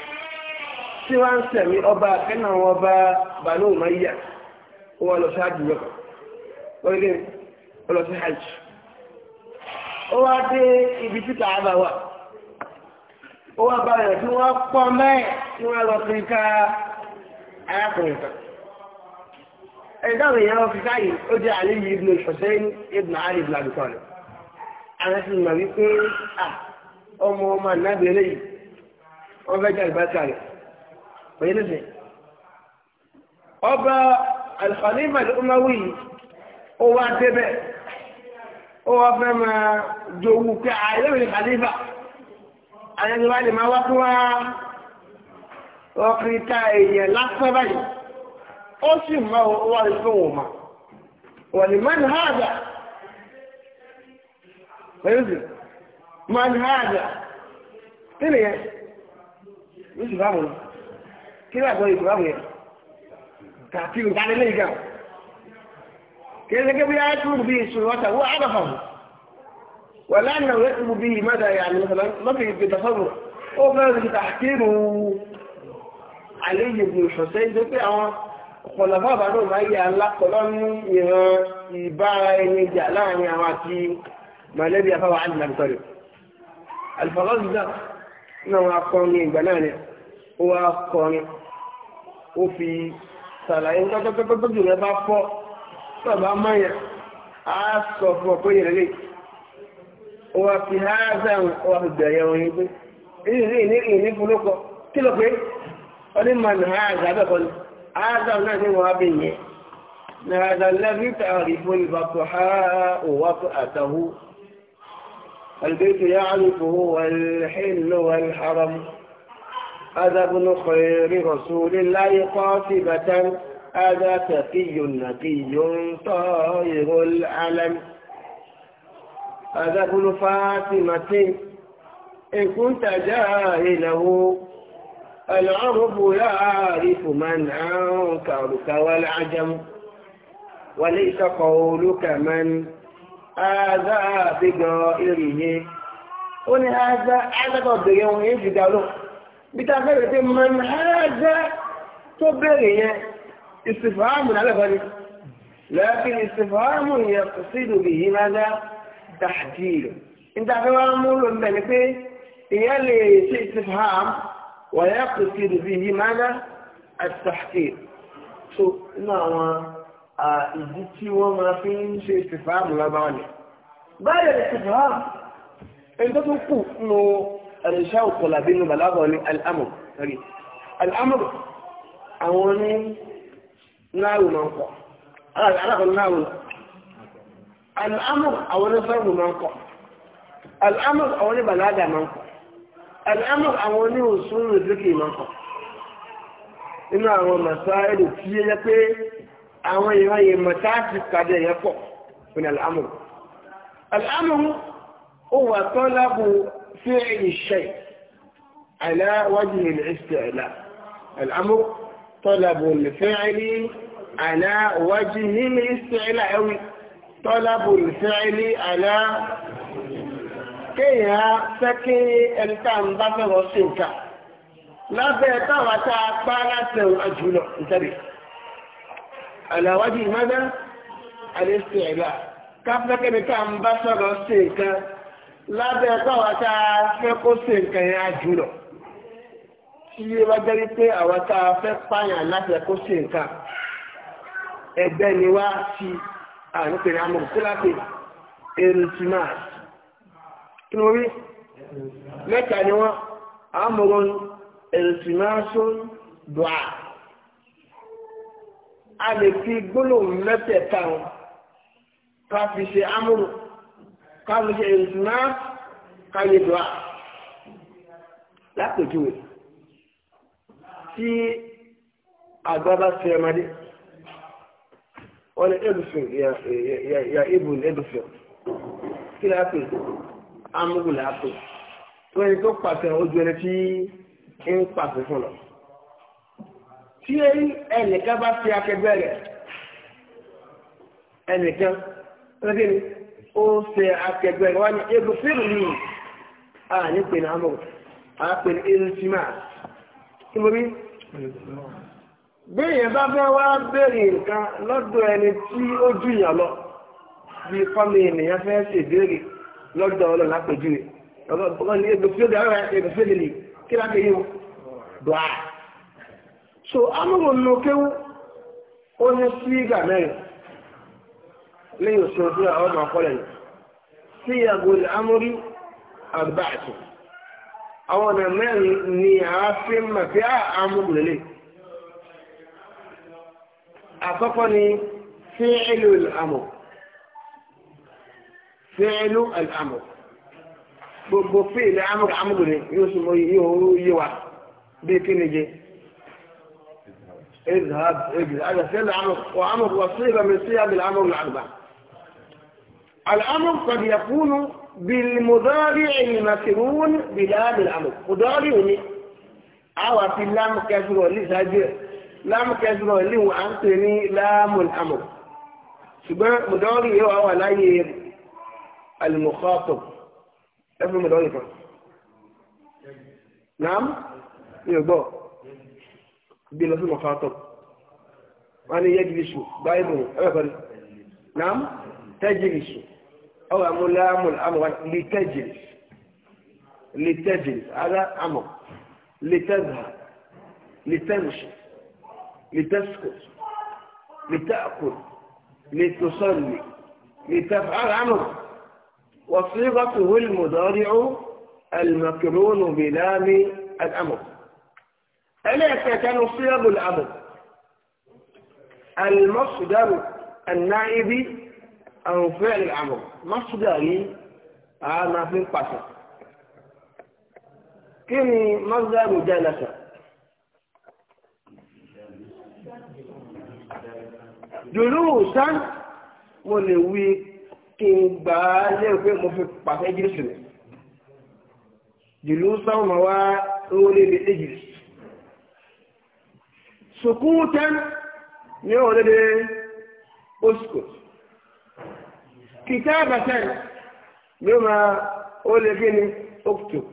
tí wọ́n ń sẹ̀mí ọba akẹ́nà wọn bá bàánú ọmọ yíyà ó wà lọ sí hajj wọ́n gé ọ sí hajj ó wá dé ibi ó wá bá rẹ̀ tí wọ́n pọ̀ mẹ́ẹ̀ tí wọ́n lọ ká arákùnrin kan èèyàn fi káyìí ó jẹ́ àlejò ibn Hussein ibn ibn Abi Talib àwọn sì mọ̀ wípé ọmọ ọmọ ànábẹ́rẹ́ yìí wọ́n fẹ́ jẹ́ òye ní sìn ọba al-Khalifa al-Umawi ó wá débẹ̀ ó wá fẹ́ máa jowú pé àyẹ̀wò ní khalifa àyẹ̀wò wa lè máa wá fún wa ọkùnrin ta èèyàn lásán báyìí ó sì mọ wà ní fún wọn mà wọ́n ní man hada pẹ̀lú sí man hada kí nìyẹn ló sì bá wọn lọ kí ló àgbọ̀ ìtura wò yẹ kàfíù kálí lè gà kí ló gẹ́gẹ́ bí ayé tó bí ìṣòro ọ̀tà wọ́n á bàfà wò wọ́n lánàá wọ́n tó bí ìmọ̀dà yàrá lọ́fì ìgbẹ̀tọ̀fọ́rọ̀ ó fẹ́ràn ti tàkírù àlejò ìṣọ̀ṣẹ́ ìjọ pé àwọn ọ̀pọ̀lọpọ̀ àbádọ́ máa yẹ alákọ̀ọ́lọ́ ní ìran ìbára ẹni jà láàrin àwọn àti mọ̀lẹ́bí afáwà àdìlàbítọ́rẹ̀. alifọ̀lọ́sì náà wọn akọrin ìgbà náà ni ó wá kọrin ó fi sàlàyé tọ́tọ́tọ́tọ́jú rẹ bá fọ́ tọ́ba mọ́yà á sọ fún ọ pé ìrẹ̀lẹ̀ ó wá fi háàzà ó wá fi bẹ̀rẹ̀ orin pé ìrírí ìní ìní fúnlọ́kọ kí ló pé ọdún máa nà háàzà bẹ́ẹ̀kọ́ ni háàzà náà ní wọn bẹ̀ yẹn nà háàzà lẹ́bí tààrí fún ìbàkọ̀ ha òwàkọ̀ àtàwọ̀ البيت يعرفه والحل والحرم هذا ابن خير رسول الله قاطبة هذا تقي نقي طائر العلم هذا ابن فاطمة إن كنت جاهله العرب يعرف من أنكرك والعجم وليس قولك من هذا بغائره قل هذا هذا قد يجد له بتاخرت من هذا تبغي استفهام على فريق لكن استفهام يقصد به ماذا تحديد انت فهم من في استفهام ويقصد به ماذا التحقيق شو نعم اديتي آه، وما فين شيء استفهام لا بعني بعد الاستفهام انت تقول ẹ̀ṣẹ́ òkọlà bínú bàlábọ̀ ní al'amur rí al'amur àwọn ní náàrù máa ń kọ́ alákọ̀ọ́ náàrù al'amur àwọn ní fẹ́rù máa ń kọ́ al'amur àwọn ní bàlágà máa ń kọ́ al'amur àwọn ní òṣùrù ìdíkì máa ń kọ́ inú àwọn màsá ẹ̀rù tí yẹ yẹ pé àwọn ìran yẹ ti kàdé yẹ pọ̀ fún al'amur al'amur هو طلب فعل الشيء على وجه الاستعلاء الأمر طلب الفعل على وجه الاستعلاء أو طلب الفعل على kéèyàn sẹ́kí ẹni tá à ń bá fẹ́ wọ́n sí nǹkan lábẹ́ táwa tá a pa láti ẹ̀wọ̀n àjùlọ ìtẹ́lẹ̀ àlàwájú ìmọ́dá àlẹ́sẹ̀ ẹ̀là káfíńkẹ́ni tá à ń bá fẹ́ wọ́n sí nǹkan lábẹ́ báwa tá a fẹ́ kó ṣe nǹkan yẹn á jùlọ tí yé wá jẹ́ wípé àwa tá a fẹ́ pààyàn láti kó ṣe nǹkan ẹgbẹ́ ni wá sí àníkèrè amòkúlápè èrùtìmáà kí ni wọ́n rí mẹ́ta ni wọ́n amòrún èrùtìmáàsún dùà a lè fi gbólóhùn mẹ́tẹ̀ẹ̀ta wọn ká fi ṣe amòrún káwọn ṣe ìrìnà káyé dùá lápèjúwe tí àgbà bá ṣe ọmọdé wọn ni edufin ya ibu ni edufin kí lápè amúgù lápè tó ẹni tó pàṣẹ ojú ẹni tí ń pàṣẹ fún lọ tí ẹnìkan bá fi akẹgbẹ́ rẹ̀ ẹnìkan ẹnìkan ó ń ṣe akẹgbẹ́ rẹ̀ wá ní egbò a ní a pè ní erutima kí mo rí béèyàn bá fẹ́ wá béèrè nǹkan lọ́dọ̀ ẹni tí ó jùyàn lọ bí fọ́mì ènìyàn fẹ́ ṣèbéèrè lọ́dọ̀ ọlọ́run lápèjúwe ọlọ́run ní ara egbò fíìmù ni kí so amúrò nù kéwú ó ní sí ìgbà mẹ́rin. lẹ́yìn oṣù tí àwọn ọmọ akọ́lẹ̀ yìí sí àgùn amúrí àgbàṣù àwọn ọ̀nà mẹ́rin ni a fi ń mà fi àmúrù lélẹ̀ àkọ́kọ́ ni fíìlù àmọ̀ fíìlù àmọ̀ gbogbo fíìlù àmúrù àmúrù ni yóò sọ mọ́ yóò yé wa bí kí ni jẹ́ اذهب اجل هذا فعل عمر وعمر وصيغه من صيغ الامر الاربع الأمر قد يكون بالمضارع المكرون بلا بالأمر مضارع مي أو في لام كسر لسجد لام كسر هو أنتني لام الأمر سبع مضارع أو لا يب المخاطب أفهم مضارع نعم يبقى بلا مخاطب أنا يجلس بايبو نعم تجلسوا أو لام الأمر لتجلس لتجلس هذا أمر لتذهب لتمشي لتسكت لتأكل لتصلي لتفعل أمر وصيغته المضارع المكرون بلام الأمر ألا كان صيغ الأمر المصدر النائب àwọn òfin ẹ̀lẹ́ àmọ̀ mọ́sùdà yìí àá máa fi ń pàṣẹ. kí ni mọ́sùdà rò jẹ́ ìlàṣà? dùrú sán mo lè wí kí n gbà á lérò pé mo fi pàṣẹ jésù rẹ̀. dùrú sán mo wá owó lè lè dé jésù. ní ọ̀rẹ́dẹ́ oṣù kòtù. كتابة بما قول جني اكتب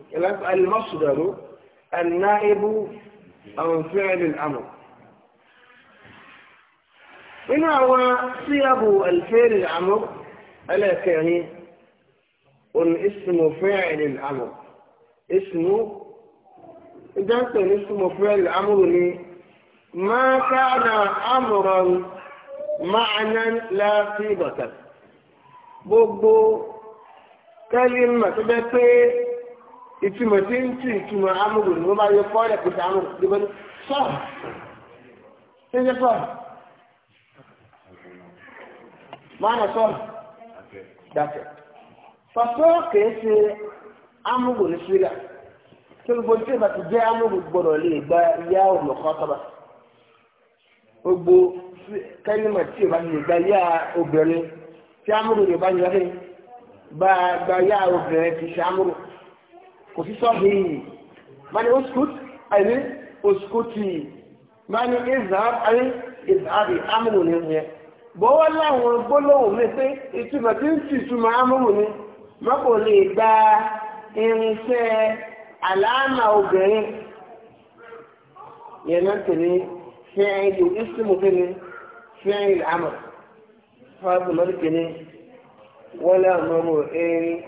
المصدر النائب او فعل الأمر هنا هو صيغ الفعل الأمر ألا قل اسم فعل الأمر اسم إذا كان اسم فعل الأمر لي ما كان أمرا معنى لا صيغة gbogbo kẹ́límà tó bẹ́ pé ìtumọ̀ tí ń tì ìtumọ̀ amúgbò ni wọ́n bá yọ fọ́ ẹ̀kọ́ sí tó bẹ́ sọ ṣé ṣe sọ máa nà sọ dàtẹ̀ pàṣẹ ṣe amúgbò ní ṣúgà tó gbogbo tí ìbá gba ìyá òmò kan gbogbo tí ìbá ti lè gba ìyá tí amúrò rẹ̀ bá yọrí bá a gba yá obìnrin ti ṣe amúrò kò sí sọ́ọ̀hì mani oskut àìní oskuti mani izhar àìní izhari amúrò ní ìyẹn bọ́wọ́ láwọn gbólóhùn mi pé ìtumọ̀ tí ń sì túmọ̀ amúrò ni mọ́kò lè gba irinṣẹ́ àlàámà obìnrin yẹn náà tẹ̀lé fẹ́ẹ́ ìlú ìsìnkú fẹ́ẹ́ ìlú amúrò fáàtì mọ́lìkì ni wọ́n láàmú erin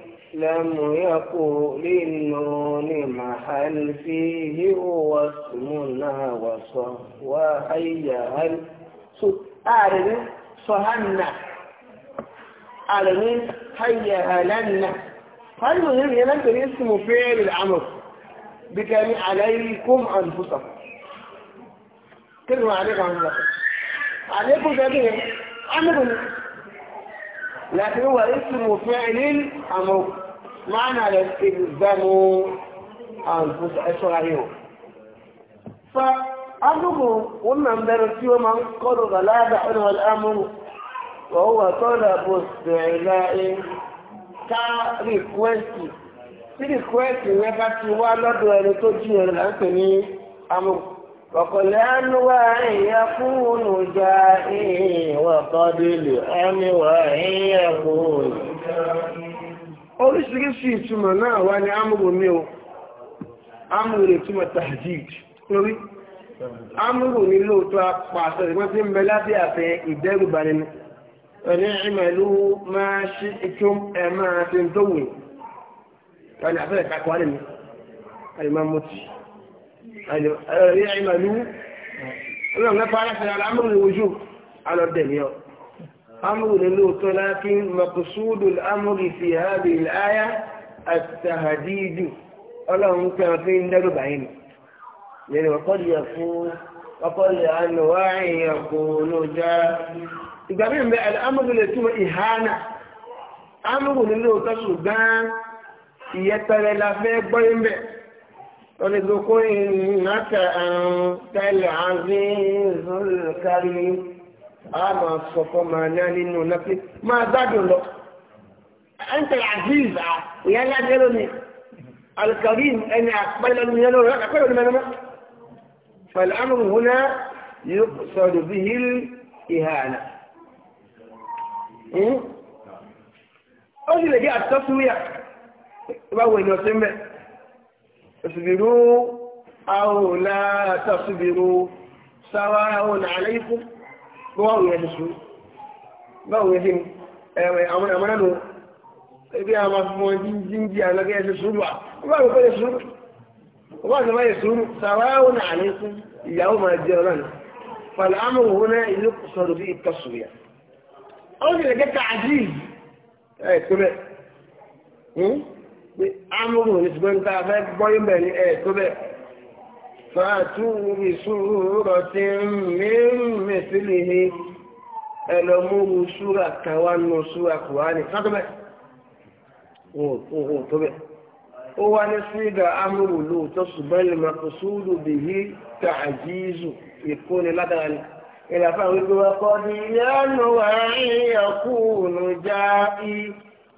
láàmú yàkó nínú ní màhálì fi híhó wa sùnmù náà wà sọ wá ayé hàn so ààrẹ ní sọ̀hánà ààrẹ ní hayya hàlánà fáàtì mọ́lìkì yẹn láti rí sùnmù fẹ́ẹ́rì bí kẹ́mi aláìkùm àǹfùsà kí ni wọ́n àdékọ̀ àǹfùsà àdékùn kẹ́kẹ́ yẹn لكن هو اسم فعل أمر معنى الالزام أنفسهم فأمره ومن درس يوما قالوا لا دعوه الأمر وهو طلب استعلاء كريكوستي tí rìkwẹ́ẹ̀tì yẹn bá ti wá lọ́dọ̀ ẹni tó jí وكل أنواع يكون جائي وقبل أنواع يكون oríṣiríṣi ìtumọ̀ náà wá ní amúrò o amúrò lè túmọ̀ lórí amúrò ní lóòótọ́ apàṣẹ tí ń bẹ lábẹ́ àfẹ ìdẹ́rùbà nínú ẹni ìmẹ̀lú máa ṣí ìtún ẹ máa ti ń àfẹ́ ìmọ̀lú ọlọ́run mẹ́fà aláṣẹ alámúrù ojú alọ́dẹ̀mí ọ amúrù ní lóòótọ́ láti mọ̀kùsúdù amúrù fi hábi ìláyà àtàhàdídù ọlọ́run tí wọ́n fi ń dẹ́rù báyìí nínú ọkọ̀lẹ̀ fún ọkọ̀lẹ̀ ànúwá ìyàkùn olóòjá ìgbà mí mẹ́ alámúrù lè túmọ̀ ìhánà amúrù ní olùdókòwò ìnáka àrùn tẹ́lẹ̀ azizul karim a máa sọ fún màá ní nínú nàfi máa gbádùn lọ ẹ̀ńtẹ̀ aziz à ìyá ńlá dé lónìí alkarim ẹni àpẹẹrẹ ní yẹn lórí àpẹẹrẹ ní mẹnumẹ pẹ̀lú amúhùn húnà yóò sọdọ bí hil ìhànà ó sì lè jẹ àtọ́síwíyà ìbáwò ènìyàn sí mẹ́rin. اصبروا أو لا تصبروا سواء عليكم bọ́ọ̀rù ẹ̀ lùsù báwo yẹ ẹ̀wẹ̀ àwọn àmọ́nà lò ebi àwọn afọ jíjí alága ẹ̀sẹ̀ sùúrù wa ọba àwọn ọ̀fẹ́ sùúrù ọba àwọn ọ̀fẹ́ sùúrù sàwáwò náà àlékún ìyàwó máa jẹ ọ̀rọ̀ nà fàlà àmọ̀wò wọn náà ìlú sọ̀rọ̀ bí pé ámúrù ní ṣùgbọ́n tá a fẹ́ gbọ́ ibẹ̀ ní ẹ̀ tó bẹ̀. fàtúrì súrọ̀ tí mímì sílì ní ẹlọ́múrù súrà kàwánú súrà kùránì sátó bẹ̀. wọ́n tó bẹ̀. ó wá ní sígà ámúrù lóòótọ́ ṣùgbọ́n lè máa kó súrù bìí tàjíìzù ìkóni ládàá ni. ìlàfà wípé wọ́n kọ́ di yánú àárín ẹ̀kú ònú já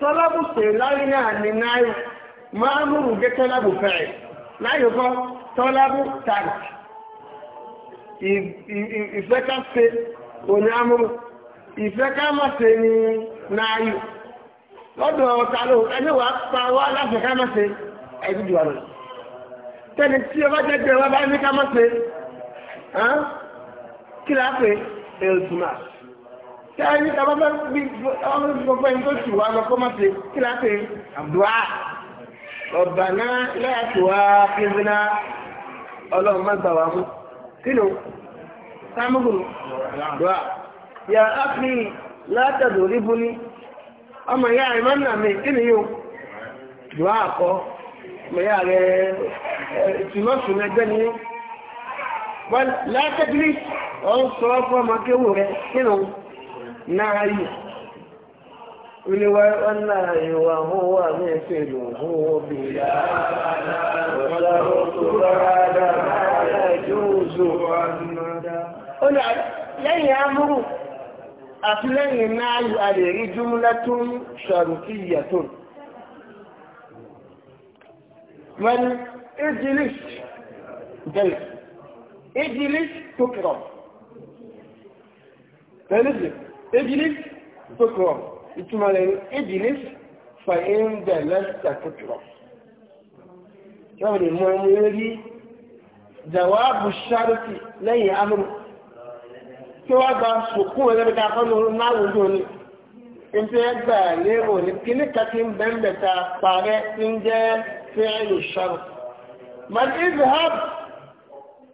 tọ́lábù sèláàrí náà ni náírà máa múrù gé tọ́lábù fẹ̀rẹ̀ láyò kọ́ tọ́lábù tàbí ìfẹ́ ká òní amúrù ìfẹ́ má ṣe ní náírà lọ́dọ̀ ọ̀tà ló ẹni wàá pa wá láti ká má ṣe jù tẹ́ni ọba jẹ́jẹ́ wa bá ní ká má ṣe kí tẹ́lẹ̀ ní tàbá bẹ́ẹ̀ bí ọmọ gbogbo ẹni tó tù wá lọ kọ́ máa ṣe kí láti àdúrà ọ̀bà náà láti wá kébìnà ọlọ́run má gbà wá mú kí ló sámúgùn àdúrà yà á fi látàdó rí ní ọmọ ìyá rẹ̀ má nà mí kí ni yóò dùá àkọ́ ọmọ ìyá rẹ̀ ìtùnọ́sùn ẹgbẹ́ ni yóò látàdó rí ọ̀hún sọ fún ọmọ kéwù rẹ̀ kí ló نعي والنعي وهو مثله بلا وترك هذا ما يجوز عنه لن أمره أفلين نعي عليه جملة شرطية من اجلس جلس اجلس تكرم فلزم ejìlif tó kọ̀ ìtumọ̀ rẹ̀ ní ejìlif fa ẹ̀ńdà lẹ́sítà tó kọ̀. yóò lè mọ ẹmu rí jawabu sharti lẹ́yìn amúrú tí wọ́n gba sùkúù rẹ̀ bí ká fọ́n ní orun máa wùdó ni ìfẹ́ gbà lérò ní kíní kàtí ń bẹ́ẹ̀ ta parẹ́ tí ń jẹ́ fẹ́ẹ̀lù sharti. màdì ìzìhàb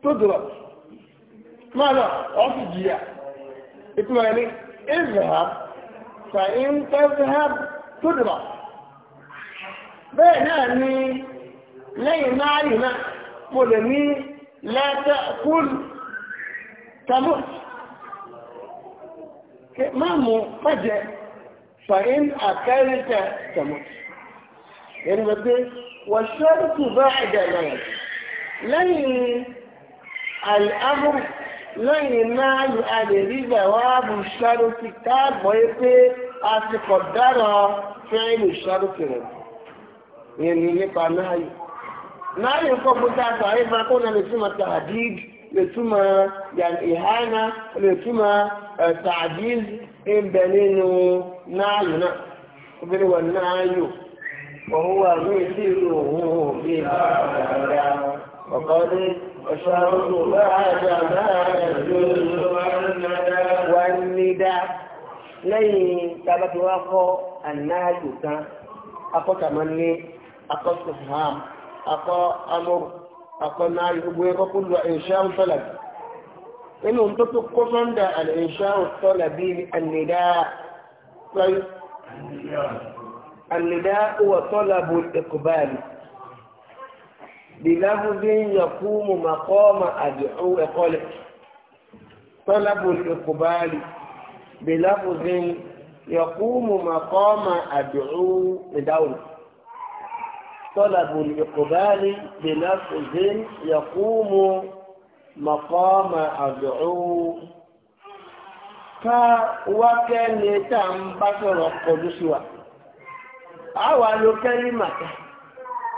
tó dùrọ̀ máa lọ ọ́ fi jìyà ìtumọ̀ rẹ̀ ní. اذهب فإن تذهب تدرس بينما لي معلمة قلمي لا تأكل تموت ما فجأة فإن أكلت تموت يعني بدي والشرط بعد موت لي الأمر lẹ́yìn náà a lè rí ìgbàwá káàbọ̀ pé a ti kọ̀ dára fẹ́ẹ̀lì ìsáró kìrẹ̀ yẹn ni nípa náà yìí. náà yìí kọ́ bó dáa sọ àyíká kó lè túmọ̀ tàdíd lè túmọ̀ ìhánà lè túmọ̀ tàdíd ìbẹ̀ nínú náà yìí náà obìnrin wà náà yìí wà ní ìdí ìlú òbí ìbára وشر بعد ما يجوز والندى والندى lẹ́yìn tàbá tí wọ́n kọ́ ànáàjò tán akọ́ tàmánlé akọ́ sùhàm akọ́ amúr akọ́ náà gbogbo ẹ̀kọ́ kó lu ìṣáhùn bìláfúdé yẹ̀kú mu màkọ́ọ̀mà àdìhù ẹ̀kọ́lẹ̀ tọ́lábù ìkùbárì bìláfúdé yẹ̀kú mu màkọ́ọ̀mà àdìhù ìdáhùn tọ́lábù ìkùbárì bìláfúdé yẹ̀kú mu màkọ́ọ̀mà àdìhù ká wákẹ́ ni tá à ń bá sọ̀rọ̀ kọjú sí wa àwa ló kẹ́lí màkà.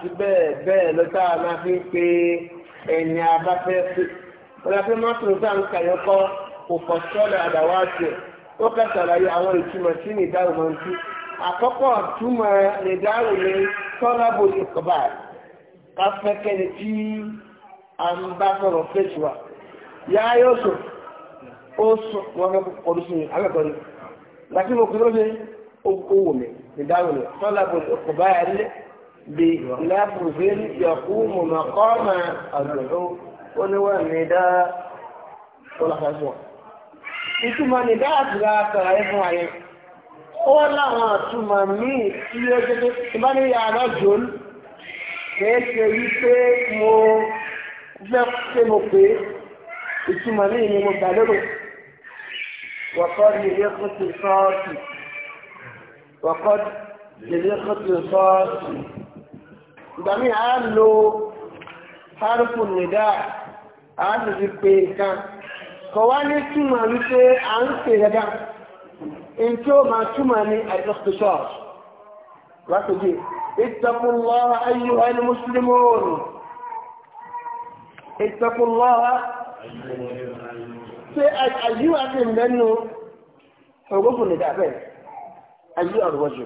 àti bẹ́ẹ̀ bẹ́ẹ̀ ló tá a máa fi ń pe ẹni abáfẹ́ sí. Ọ̀làfẹ́ mọ́tò tá ń kàyọ́ kọ́ kò kọ́ sọ́dọ̀ àdáwà àti ẹ̀. Ó kà sàlàyé àwọn ìtumọ̀ sí ní ìdáhùn máa ń tú. Àkọ́kọ́ túmọ̀ ní ìdáhùn ní tọ́lábò ìkọ̀bà káfẹ́kẹ́ni tí a ń bá sọ̀rọ̀ fèsì wa. Yá yóò sùn, ó sùn wọn fẹ́ kọ́dún sí mi, àbẹ̀kọ́ ni. Làtí mo kúrò ní owó mi, ìdáhùn ní tọ́lábò ìkọ̀bà yà بلفظ يقوم مقام الدعوة ونوى النداء والخشوع ìtumọ̀ nìdá àtìlá àtàrà ẹ̀fún ayé ó láwọn àtúmọ̀ míì tí ó jẹ́ ìbánilẹ̀ àárọ̀ jòl kẹ́ẹ̀kẹ́ wípé mo jẹ́ pé mo pé ìtumọ̀ míì ni mo gbàlérò wọ̀kọ́ ní ilé fún ti ìgbà míì a lo harufu nìdá á sì fi pe nǹkan kọ̀ wá ní túmọ̀ wípé à ń pè gẹ́gẹ́ in tí ó máa túmọ̀ ní àìsọ́kùsọ́ látòjì ìtàkùnlọ́wọ́ ayyúwa ní mùsùlùmí oòrùn ìtàkùnlọ́wọ́ tí ayyúwa ti mẹ́nu ọgbọ́fún ní dábẹ́ ayyúwa rọ̀jù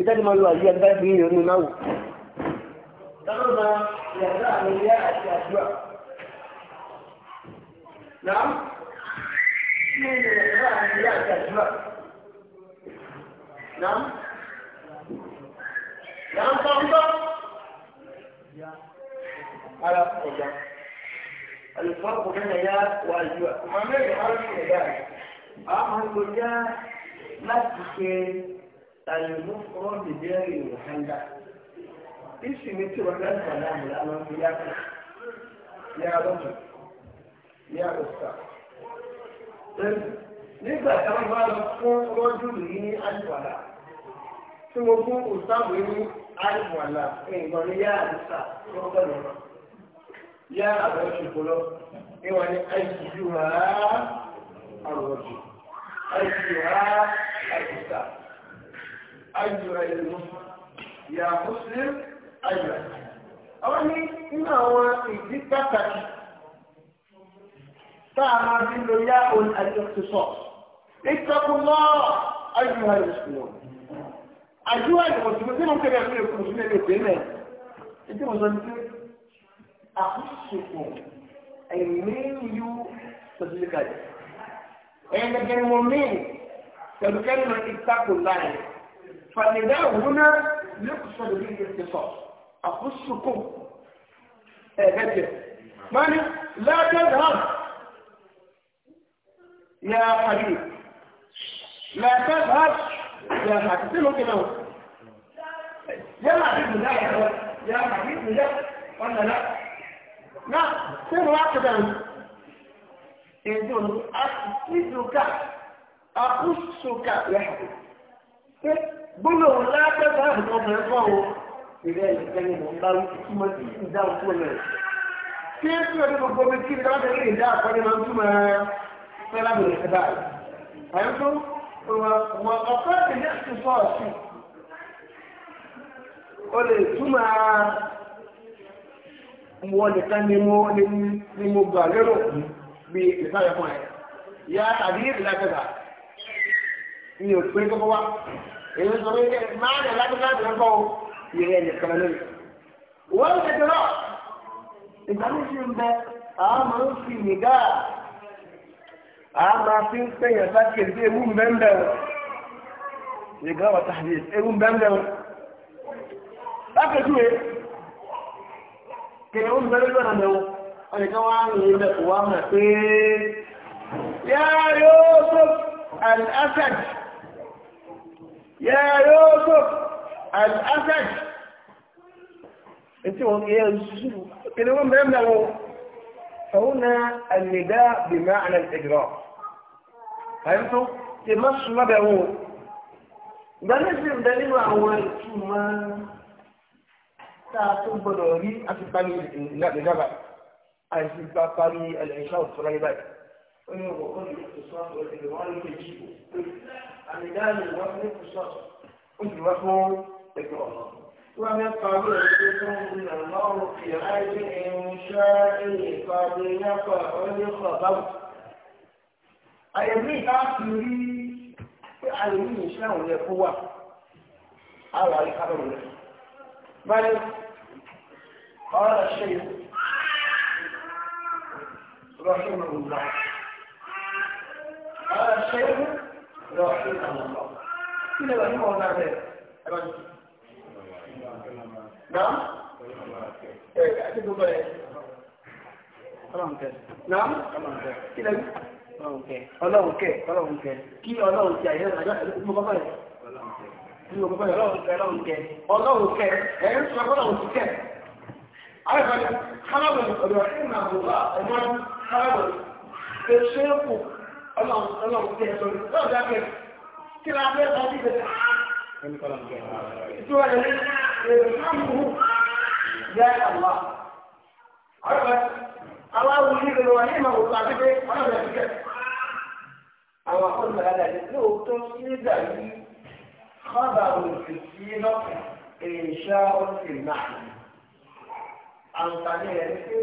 ìdájọ́ máa lo ayyúwa dábẹ́ yìí ضرب يداه الياء الشجوع نعم من يداه الياء الشجوع نعم نعم طبعا نعم، على قولة الفرق بين ياء والجوع ما من يحرم يداه أهم الجاه نفس الشيء المفرد بغير محلة ìsìnmi tí wọn lẹ́nu wà láàmú lánàá fi yá kù yá lọ́jọ́ yá òsà. nígbà táwọn bá lọ fún rọ́jú yìí ní àlùwàlà tí mo fún òsàmù ní àlùwàlà ìgbọ̀n ní yá òsà tó ń bẹ̀rẹ̀ lọ. yá àwọn ìṣòfò lọ ìwà ní àìsíjú wá àròjù àìsíjú wá àìsíta àìsíjú wá ìlú yá muslim ayọ̀ àwọn ní nínú àwọn ìdí pàtàkì tá a máa fi lo yá òun àjọṣepọ̀ ìtọ́kùnlọ́ ayọ̀ àìsùn àjọ àìsùn tí mo kéré ẹ̀mí èkó sí lè pè mẹ́ ìdí mo sọ ní pé àkóṣepọ̀ ẹ̀mí wọn mí pẹ̀lú kẹ́lí ma ìtàkùnlá fàlẹ́dá òun náà lè bí ìgbésẹ̀ sọ̀rọ̀ àfúsùkùn ẹ̀ẹ́dẹ̀gbẹ̀ máa ní lábẹ́ náà yà àbí lábẹ́ náà yà àti tí ló kí náà yálà àti ìdùnnà yàtọ̀ yà àti ìdùnnà ọ̀nà náà náà tí wọ́n á kọjá ní èdè ìrẹ́ ìfẹ́ni mọ̀ bá wí túmọ̀ sí ìdá òkú rẹ̀. Tí ó tún ọdún gbogbo mi kiri láti rí ìdá àkọ́ni máa ń túmọ̀ fẹ́ lábẹ̀rẹ̀ ẹ̀dá rẹ̀. Àyẹ̀ ni mo ni mo gbà lérò bí ìsáyẹ̀ fún ẹ̀. Ìyá àbí ìdílé àgbẹ̀dà mi ò pé kọ́kọ́ wá. Èyí sọ pé máa ń yẹ يغير الكلام ولا ادراء انت مش من باب آه،, اه ما في نجاح اه ما في سيء فكر في ابو مبندا نجاح وتحديث ابو إيه، مبندا فكر شو ايه كي يقول بلد وانا نو انا كمان يقول لك وانا يا يوسف الاسد يا يوسف الاسد tí wọ́n yẹ ṣù kìlì wọ́n bẹ̀rẹ̀ bẹ̀rẹ̀ wọn fàúnà àlèdá bìmá àná ìgbìrọ̀ àyẹ̀tọ́ tí má súnmọ́ bẹ̀ wọn gbẹ́lẹ́ sì ń bẹ nínú àwọn ìtumọ̀ tá a tó gbọdọ̀ rí àti pali ìlàgbẹ̀dàgbà àti pali ẹ̀ṣá òtún láyé báyìí. ومن وقوع الاقتصاد والإدوان تجيبه. عن ذلك وقت الاقتصاد. قلت وقوع الاقتصاد. وبقبولكم الموت أجر شاء قد يقع الخبر àyẹ̀mí ká fi rí pé àyẹ̀mí ìṣẹ́wọ̀n yẹ kó wà àwọn àyíkábẹ̀rún rẹ̀ báyìí ọ̀rọ̀ ṣe رحمه الله قال الشيخ رحمه الله كل رحمه الله náà ẹ̀ àti gbogbo ẹ̀ ọlọ́nkẹ́ náà kí lẹ́nu ọlọ́nkẹ́ ọlọ́nkẹ́ kí ọlọ́nkẹ́ àyẹ̀wò àjọ àti gbogbo ẹ̀ ọlọ́nkẹ́ ọlọ́nkẹ́ ẹ̀ ń sọ ọlọ́nkẹ́ عارف خلق رحمه الله من خلق الشيخ الله الله كده ده كده كده عامل حديث ده شو قال لي يرحمه يا الله عرفت الله يريد الرحيمة وصاحبه أنا لا بكت أما قلنا هذا الأسلوب تنصيب خبر في السينة إنشاء في المعنى àǹfààní rẹ̀ pé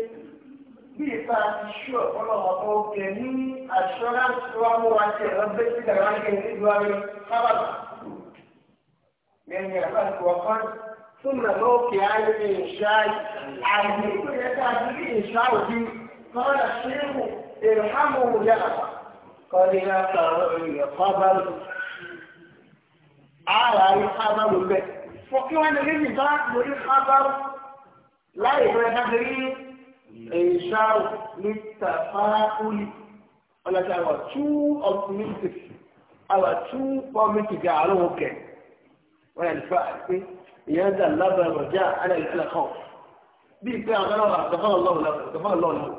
bí ìta ti ṣú ọ̀pọ̀lọpọ̀ tó kẹ ní assurance tó wá mú wa ṣe ẹ̀rọ bẹ́ẹ̀ sí ìdàgbàsókè nílùú ayé sábàbà. Mẹ́rin àbáṣe wọ̀ fún ثم موقع عالم الإنشاء عالم كل تعبير الإنشاء دي قال الشيخ ارحمه جعفر قال يا فرعي قبل على الخبر به وكما نجد ذاك مريد خبر لا يبقى تدريب إنشاء للتفاؤل ولا تعالوا أيوة، too optimistic our أيوة، too promising جعلوه كان ولا الفاعل ìyẹn dà lábẹ́ ọ̀jà aláìsílẹ̀ kan bí ìpè àwọn ọlọ́wà kẹfọ́n ọlọ́wà kẹfọ́n ọlọ́wà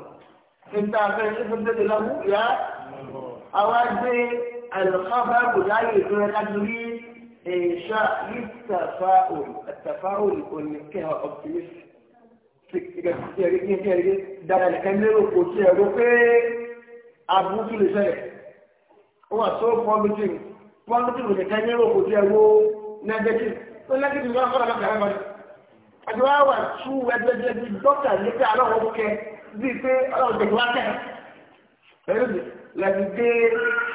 níta abẹ́ ẹgbẹ́gbẹ́dẹ́ lọ́wọ́ yá àwọn agbé àlùkọ́bá gbòdá yìí tó yẹ kájúrí èṣà ìtàfà òòlù àtàfà òòlù òní kẹwàá optimist dára nìkan lérò kò tí ẹ rò pé aburú lè ṣẹlẹ̀ ó tó pọ́ńdútì pọ́ńdútì nìkan lérò kò tí ẹ ó lẹ́kí ti wọ́n fọ́nà lọ́kàn lọ́kàn ẹ̀dùn wá wà tú ẹgbẹ́gbẹ́ bí dọ́kítà ní pé aláwọ̀ kẹ bí pé aláwọ̀ tẹ̀lé wá tẹ̀ pẹ̀lú lẹ́bi dé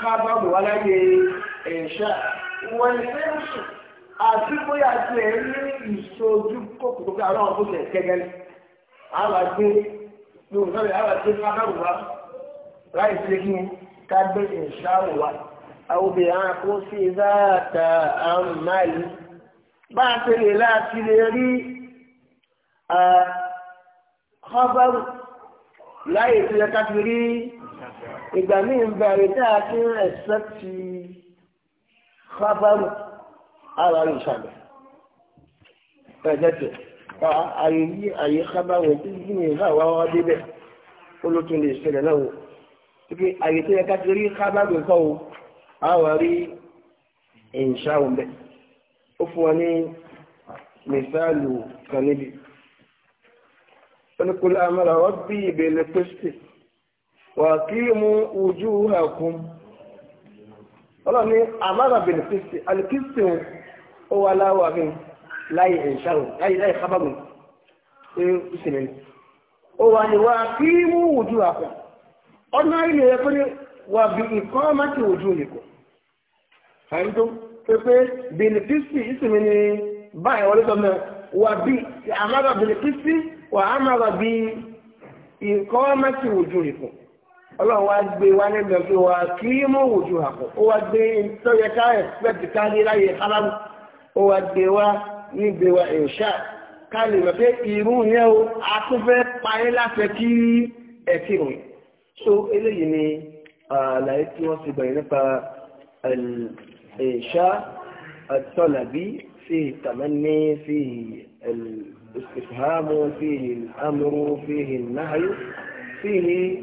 kábàbù wá láyé ẹ̀ṣà wọ́n ní fẹ́ǹsì àti bóyá ti ẹ̀ ní ìṣojú kòkòrò pé aláwọ̀ tó tẹ̀ kẹ́gẹ́lẹ́ àwọn àgbé lóòótọ́ rẹ̀ àwọn àgbé kábàbù wá láì ṣe kí kábẹ́ ẹ̀ṣà wà àwọn obìnrin àkóso ìzáàtà àmàlì bá a ṣe lè láti lè rí kọ́bárù láyé tó yẹ ká fi rí ìgbà míì ń bẹ̀rẹ̀ tá a ti ń ẹ̀sẹ̀tì kọ́bárù ara rẹ̀ ìṣàlẹ̀ ẹ̀jẹ̀tẹ̀ ààyè yí ààyè kọ́bárù tí kí ni ìhà wá wá débẹ̀ ó lè ṣẹlẹ̀ náà wò pé ààyè tó yẹ ká rí kọ́bárù nǹkan o àwọn rí ìṣàwọn bẹ́ẹ̀ ó fún wa ní mìsáàlù kan níbi oníkùlù àmàlà rabbi bil qisti wa aqimu wujuhakum ọlọ́ni àmàlà bil qisti alìkìsì ó wà láwọ̀ àmì láì ẹ̀ṣàrò láì láì kábàgùn ní ìṣẹ̀lẹ̀ ó wà ní wa aqimu wujuhakum ọdún wà bí ìkọ́ máa ti wujuhikum pépé bìnìfísì ìsinmi ni báyìí wọlé sọmọ wà bí àmàgà bìnìfísì wà àmàgà bí nǹkan mẹ́tì wòjú rẹ̀ fún ọlọ́run wá gbé wá nígbà pé wà kí mú wòjú àpò ó wá gbé nítorí ká ẹ̀sìpẹ́tì ká ní láyé aláwọ̀ ó wá gbé wá nígbè wá ìṣá ká lè mọ̀ pé irú yẹn o a tún fẹ́ parí láti kí ẹ rìn so eléyìí ni àlàyé tí wọ́n ti bẹ̀rẹ̀ nípa إنشاء الطلبي فيه التمني فيه الاستفهام فيه الأمر فيه النهي فيه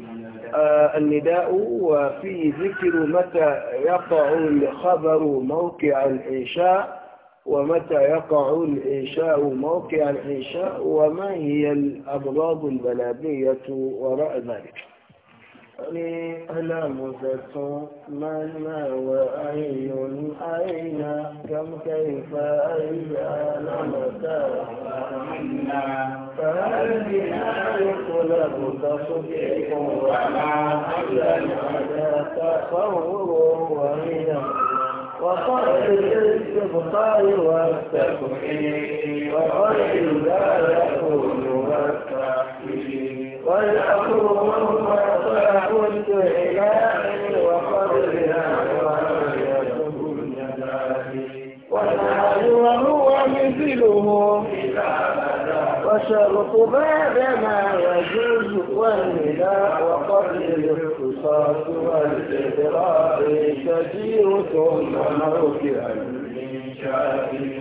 آه النداء وفيه ذكر متى يقع الخبر موقع الإنشاء ومتى يقع الإنشاء موقع الإنشاء وما هي الأبراض البلابية وراء ذلك لي أنا مزت منا وأين أين كم كيف أيان متى فهل بنا يطلب تصديق وما قبل العدا تخور وهي وصل الاستبقاء والتفحيح لا ذلك والتحقيق والأمر قلت إلهي وقبلها وليكن جزائي والعالي وهو مثله وشرط بعد ما يجوز والهلاء وقبل الاختصاص والإضرار تجيء ثم موكئا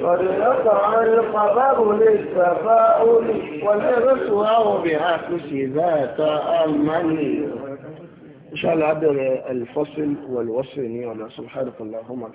قد نقع القبر للتفاؤل والإرث أو بعكس ذات المني إن شاء الله عبر الفصل والوصل نيوانا سبحانك اللهم